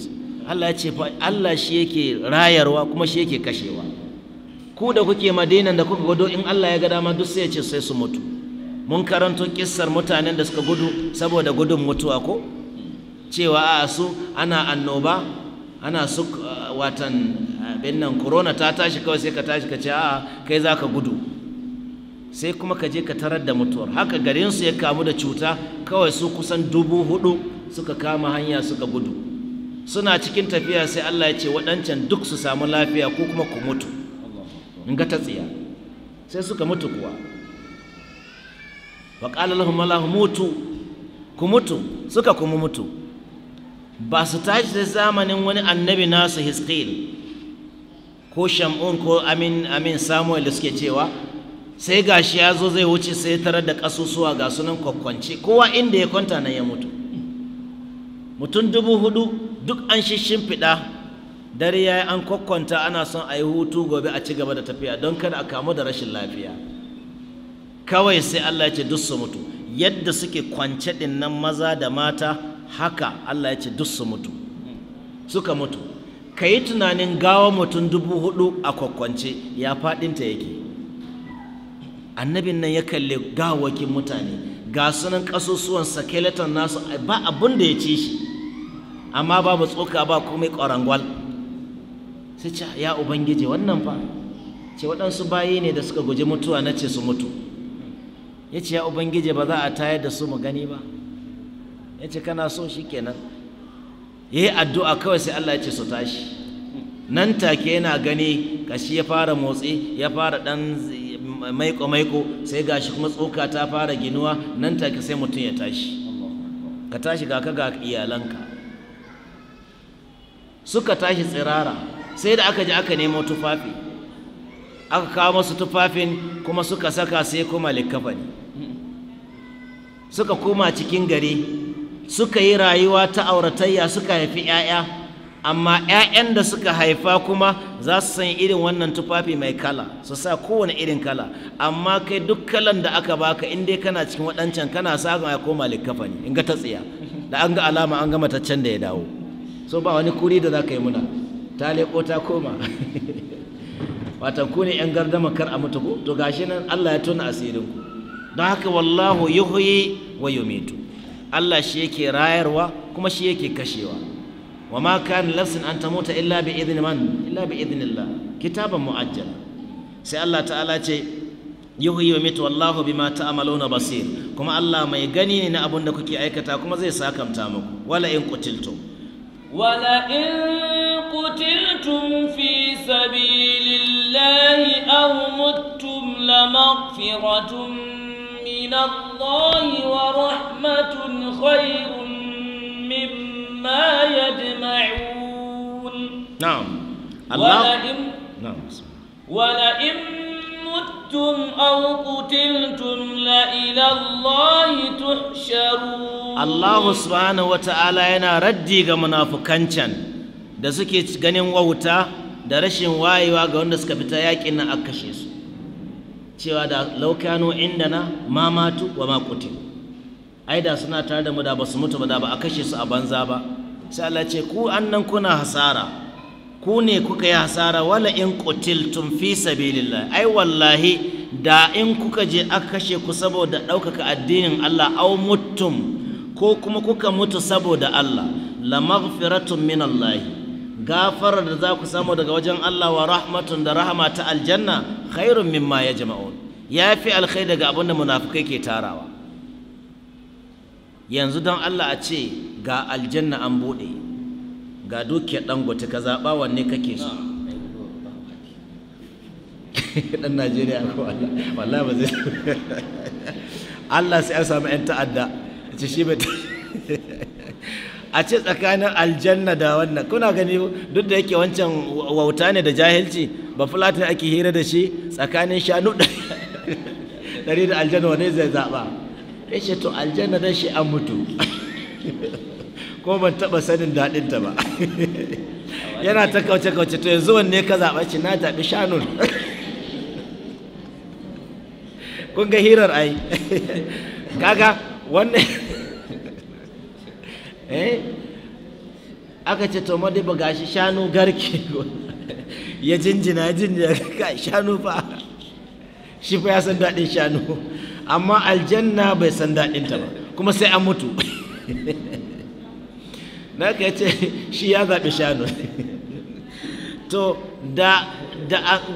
Allah ya ce Allah shi yake rayarwa kuma shi yake kashewa ku da kuke madinan da kuka gudu in Allah ya ga dama duk sai ya ce sai su mutu mun karanto kissar mutanen da suka gudu saboda gudun mutuwa ko cewa a su ana annoba ana su uh, watan uh, abin nan corona ta tashi kawai sai ka tashi ka ce a'a kai za ka gudu sai kuma ka je ka tarar da mutuwar haka garinsu ya kamu da cuta kawai su kusan dubu hudu suka kama hanya suka gudu suna cikin tafiya sai Allah ya ce waɗancan duk su samu lafiya ko kuma ku mutu in ga ta tsiya sai suka mutu kuwa wa ƙala lahum mutu ku mutu suka kuma mutu ba su tashi da zamanin wani annabi nasu hiskil ko shamun ko amin amin samuel da suke cewa sai gashi ya zo zai wuce sai tarar da kasusuwa ga sunan kwakwanci kowa inda ya kwanta nan ya mutu mutum dubu hudu duk an fida dare ya yi an kwakwanta ana son a yi hutu gobe a ci gaba da tafiya don kada a kamu da rashin lafiya kawai sai Allah ya ce duk mutu yadda suke kwance din nan maza da mata haka Allah ya ce duk mutu suka mutu ka yi tunanin gawa mutum dubu hudu a kwakwance ya faɗinta yake annabin nan ya kalli gawakin mutane ga sunan ƙasusuwan sakeleton nasu ba abin da ya ci shi amma babu tsoka ba komai ƙwarangwal sai ce ya ubangiji wannan fa ce waɗansu bayi ne da suka guji mutuwa na ce su mutu ya ce ya ubangiji ba za a tayar da su mu gani ba ya ce kana so shi kenan ya yi addu'a kawai sai Allah ya ce su tashi nan take yana gani kashi ya fara motsi ya fara ɗan maiko-maiko sai gashi kuma tsoka ta fara ginuwa nan take sai mutum ya tashi ka tashi ga ka ga iyalanka suka tashi tsirara sai da aka ji aka nemo tufafi aka kawo masu tufafin kuma suka saka sai kuma likkafani suka koma cikin gari suka yi rayuwa ta auratayya suka haifi 'ya'ya amma 'ya'yan da suka haifa kuma za su san irin wannan tufafi mai kala su sa kowane irin kala amma kai duk kalan da aka baka in dai kana cikin waɗancan kana sa ya koma likafani ne in ga ta tsiya da an ga alama an ga mataccen da ya dawo so ba wani kuri da za ka yi muna ta leƙo ta koma [laughs] watan ku ne yan gardama kar a mutu ku to gashi nan Allah ya tona asirin ku don haka wallahu yuhyi wa yumitu Allah shi yake rayarwa kuma shi yake kashewa wa ma kana nafsin an tamuta illa bi idni man illa bi idnillah kitaban muajjal sai Allah ta'ala ce yuhyi wa yumitu wallahu bima ta'maluna basir kuma Allah mai gani ne na abun da kuke aikata kuma zai sakamta muku wala in qutiltum ولئن قتلتم في سبيل الله أو متم لمغفرة من الله ورحمة خير مما يجمعون نعم, نعم، الله ولئن نعم ولئن متم أو قتلتم لإلى الله تحشرون الله سبحانه وتعالى ينا ردي منافقان da suke ganin wauta da rashin wayewa ga wanda suka fita yakin nan aka kashe su cewa da laukano inda na mamatu wa ma ai da suna tare da mu da ba su mutu ba da ba a kashe su a banza ba sai Allah ce ku annan kuna hasara ku ne kuka yi hasara wala in tun fi sabilillah ai wallahi da in kuka je aka kashe ku saboda ɗaukaka addinin Allah au mutum ko kuma kuka mutu saboda Allah la maghfiratun min Allah gafarar da za ku samu daga wajen Allah wa rahmatun da rahama ta aljanna khairun mimma Ya fi alkhai daga abinda munafukai ke tarawa yanzu don Allah a ce ga aljanna an buɗe ga dukiyar dangote ka zaɓa wanne kake su [laughs] ɗan najeriya ko wallahi ba zai [laughs] Allah sai ya samu yan ta'adda ce shi bai [laughs] a ce tsakanin aljanna da wannan kuna gani duk da yake wancan wauta ne da jahilci ba fulatin ake hira da shi tsakanin shanu ɗari da aljanna wane zai zaɓa ya ce to aljanna da shi an mutu ko ban taɓa sanin daɗinta ba yana ta kauce-kauce to yanzu wanne ka zaɓa ci na zaɓi shanun kun ga hirar ai kaga wannan eh aka ce to ma madiba gashi shanu garke ya jinjina jinjina ka shanu fa shi fa ya san daɗin shanu amma aljanna bai san daɗinta ba kuma sai an mutu da ka ce shi ya zaɓi shanu to da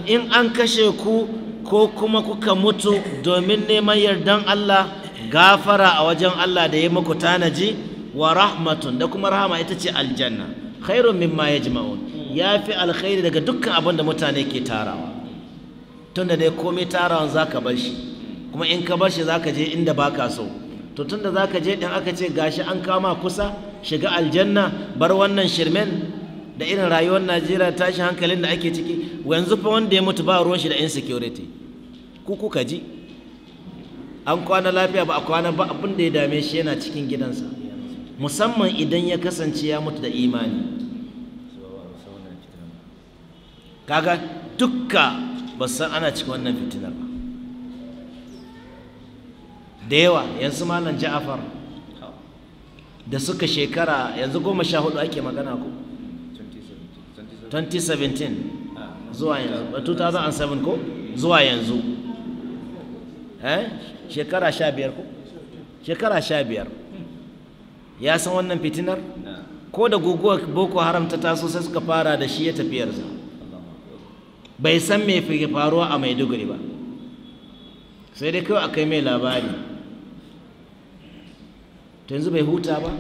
in an kashe ku ko kuma kuka mutu domin neman yardan Allah gafara a wajen Allah da ya muku tanaji wa rahmatun da kuma rahama ita ce aljanna khairun mimma yajma'un ya fi alkhairi daga dukkan abin da mutane ke tarawa tunda dai komai tarawan ka bar shi kuma in ka bar shi za ka je inda baka so to tunda ka je ɗin aka ce gashi an kama kusa shiga aljanna bar wannan shirmen da irin rayuwar najeriya tashi hankalin da ake ciki yanzu fa wanda ya mutu ba ruwan shi da insecurity ku kuka ji an kwana lafiya ba a kwana ba abin da ya dame shi yana cikin gidansa musamman idan ya kasance ya mutu da imani kaga dukka ba san ana cikin wannan fitinar ba da yawa yanzu malam ja'afar da suka shekara yanzu goma sha hudu ake magana ko 2017 zuwa yanzu 2007 ko zuwa yanzu eh? shekara sha biyar ko shekara sha biyar ya san wannan fitinar ko da guguwa boko haram ta taso sai suka fara da shi ya tafiyarsa bai san mai faruwa a maiduguri ba sai dai kawai akai mai labari to yanzu bai huta ba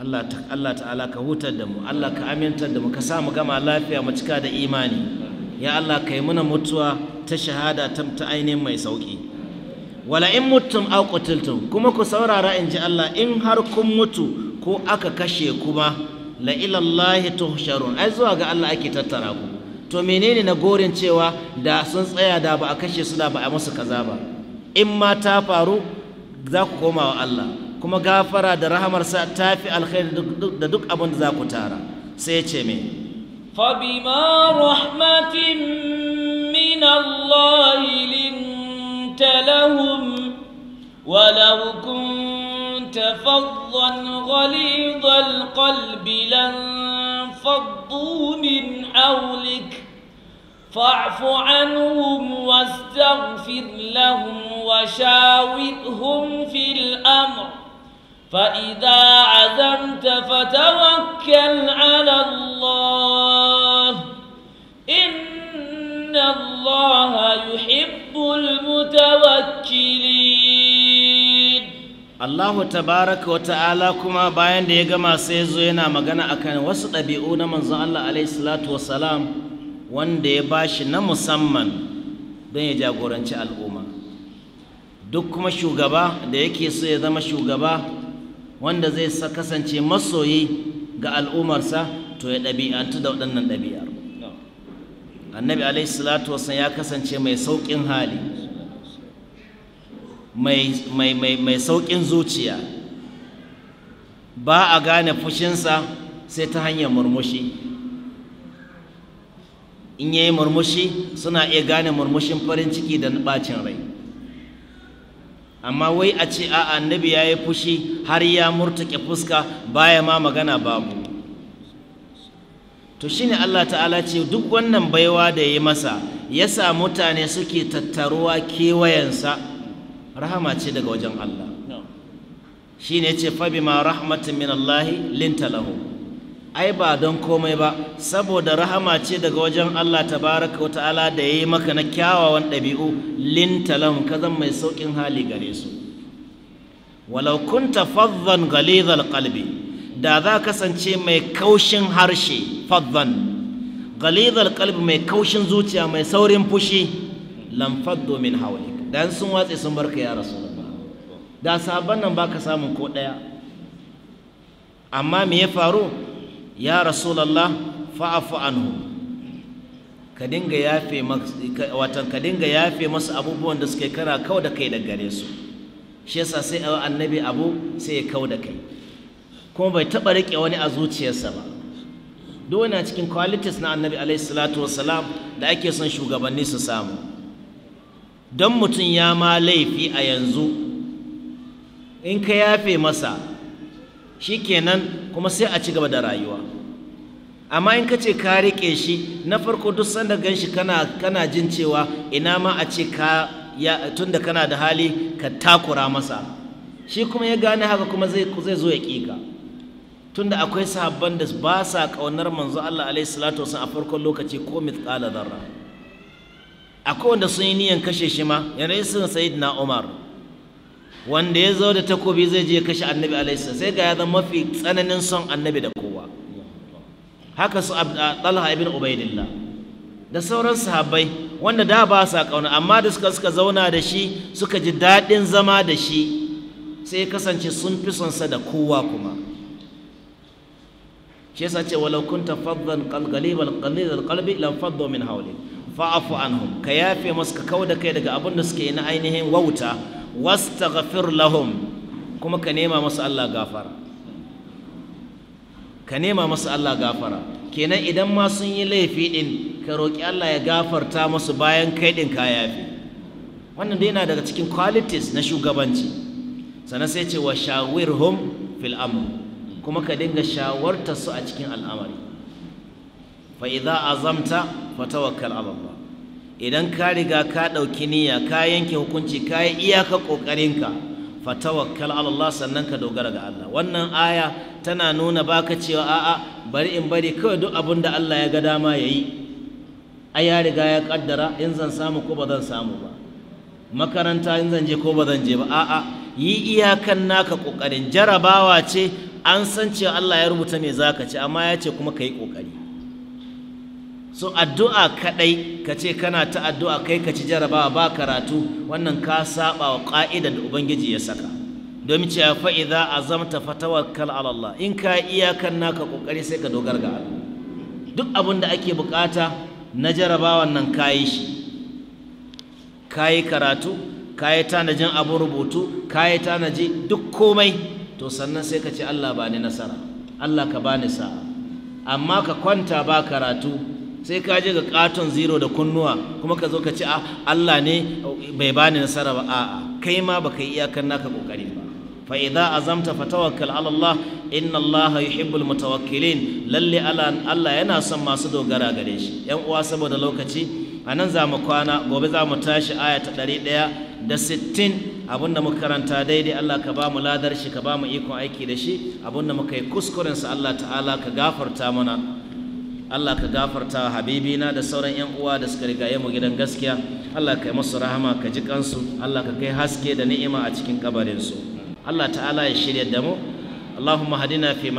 Allah ta'ala ka hutar da mu Allah ka amintar da mu ka sa mu gama lafiya mu cika da imani ya Allah ka yi muna mutuwa ta shahada ta ainihin mai sauki wala in mutum a qutiltum kuma ku saurara in ji Allah in har kun mutu ko aka kashe kuma la ilallahi tuhsharun ai zuwa ga Allah ake tattara ku to menene na gorin cewa da sun tsaya da ba a kashe su da ba a musu kaza ba in ma ta faru za ku koma wa Allah kuma gafara da rahamarsa ta fi alkhairi da duk abin da za ku tara sai ce me fabima rahmatin min Allah linta lahum ولو كنت فظا غليظ القلب لانفضوا من حولك فاعف عنهم واستغفر لهم وشاورهم في الأمر فإذا عزمت فتوكل على الله إن الله يحب المتوكلين الله تبارك وتعالى كما باين ديغما سيزو yana magana akan wasu ɗabi'u من زال الله عليه الصلاة والسلام wanda ya bashi na musamman don ya jagoranci al'umma duk kuma shugaba da yake so ya zama shugaba wanda zai kasance masoyi ga al'ummarsa to ya ɗabi'antu da waɗannan ɗabi'ar annabi alaihi salatu wasan ya kasance mai sauƙin hali mai sauƙin zuciya ba a gane fushinsa sai ta hanyar murmushi in yayi murmushi suna iya gane murmushin farin ciki da bacin rai amma wai a ce a annabi ya yi fushi har ya murtuke fuska baya ma magana babu to shine Allah ta'ala ce duk wannan baiwa da ya masa ya sa mutane suke tattaruwa kewayensa rahama ce daga wajen Allah shine ce fa ma rahmatin min Allah linta ai ba don komai ba saboda rahama ce daga wajen Allah tabaraka wa ta'ala da yayi maka na kyawawan ɗabi'u talam ka zan mai saukin hali gare su walau kunta faddan ghalizal qalbi da za kasance mai kaushin harshe faddan ghalizal qalbi mai kaushin zuciya mai saurin fushi lam faddu min hawlik dan sun watse sun barka ya rasulullah da sahabban nan baka samu ko daya amma me ya faru ya rasulallah fa'afu anhu ka dinga yafe watan ka dinga yafe masu abubuwan da suke kara kau da kai da gare su shi yasa sai annabi abu sai ya kau da kai kuma bai taɓa rike wani a zuciyarsa ba duk wani cikin qualities na annabi alaihi salatu wassalam da ake son shugabanni su samu don mutum ya ma laifi a yanzu in ka yafe masa Shi kenan kuma sai a ci gaba da rayuwa amma in ka ce ka rike shi na farko duk sanda gan shi kana, jin cewa ina ma a ce ka tun da kana da hali ka takura masa shi kuma ya gane haka kuma zai zo ya ƙi ka tunda akwai sahabban da ba sa ƙaunar manzo Allah alaihi salatu wasallam a farkon lokaci ko mithqala dharra akwai wanda sun yi niyan kashe shi ma yana sun sayyidina Umar wanda ya zo da takobi zai je kashe annabi alaihi sai ga ya zama mafi tsananin son annabi da kowa haka su talha ibn ubaidillah da sauran sahabai, wanda da ba sa kauna amma da suka suka zauna da shi suka ji daɗin zama da shi sai kasance sun fi son da kowa kuma shi yasa ce walau kunta faddan qalqalibal qalil qalbi lam faddu min hawli fa'fu anhum ka yafe masu ka kauda kai daga abin da suke na ainihin wauta wastaghfir lahum kuma ka nema masu Allah gafara ka nema masu Allah gafara kenan idan ma sun yi laifi din ka roki Allah ya gafarta masu bayan kai din ka yafi wannan dai yana daga cikin qualities na shugabanci Sana sai ce wa shawirhum fil amr kuma ka dinga shawarta su a cikin al'amari Fa'iza idza azamta fatawakkal ala Allah idan ka riga ka ɗauki niyya ka yanke hukunci ka yi iyaka ƙoƙarinka fatawakkal ala Allah sannan ka dogara ga Allah wannan aya tana nuna baka cewa a'a bari in bari kawai duk abin da Allah ya ga dama ya yi ai ya riga ya kaddara in zan samu ko ba zan samu ba makaranta in zan je ko ba zan je ba a'a yi iyakan naka ƙoƙarin jarabawa ce an san cewa Allah ya rubuta me zaka ci amma ya ce kuma ka yi ƙoƙari so addu'a kaɗai ka ce kana ta addu'a kai ka ci jarabawa ba karatu wannan ka saba wa ka'idar da ubangiji ya saka domin cewa fa idza azamta fatawakkal ala Allah in ka iyakan naka kokari sai ka dogara ga Allah duk abin da ake bukata na jarabawan nan kayi shi kayi karatu kayi tanajin abin rubutu kayi tanaji duk komai to sannan sai ka ce Allah ba ni nasara Allah ka bani sa'a amma ka kwanta ba karatu sai ka je ga katon zero da kunnuwa kuma ka zo ka ce ah, Allah ne bai bani nasara ba a'a kai ma baka yi iyakar naka kokari ba fa idza azamta fatawakkal ala Allah inna Allah yuhibbul mutawakkilin lalle Allah yana son masu dogara gare shi yan uwa saboda lokaci a nan za mu kwana gobe za mu tashi aya ta ɗari ɗaya da sittin abinda muka karanta daidai Allah ka ba mu ladar shi ka ba mu ikon aiki da shi abinda muka yi kuskurensa Allah ta'ala ka gafarta mana Allah ka gafarta habibina da sauran yan uwa da suka rigaye mu gidan gaskiya Allah ka yi musu rahama ka ji kansu Allah ka kai haske da ni'ima a cikin kabarinsu. Allah ta'ala ya shirya da mu wa afina fi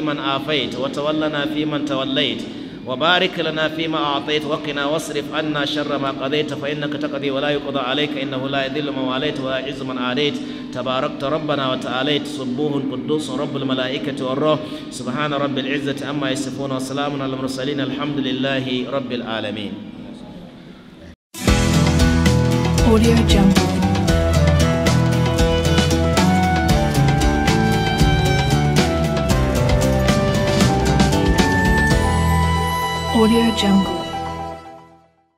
man afait wa tawallana fi man tawallait وبارك لنا فيما أعطيت وقنا واصرف عنا شر ما قضيت فإنك تقضي ولا يقضى عليك إنه لا يذل من واليت ولا يعز من عاديت تباركت ربنا وتعاليت صبوه القدوس رب الملائكة والروح سبحان رب العزة أما يصفون وسلام على المرسلين الحمد لله رب العالمين Audio Jungle Audio Jungle.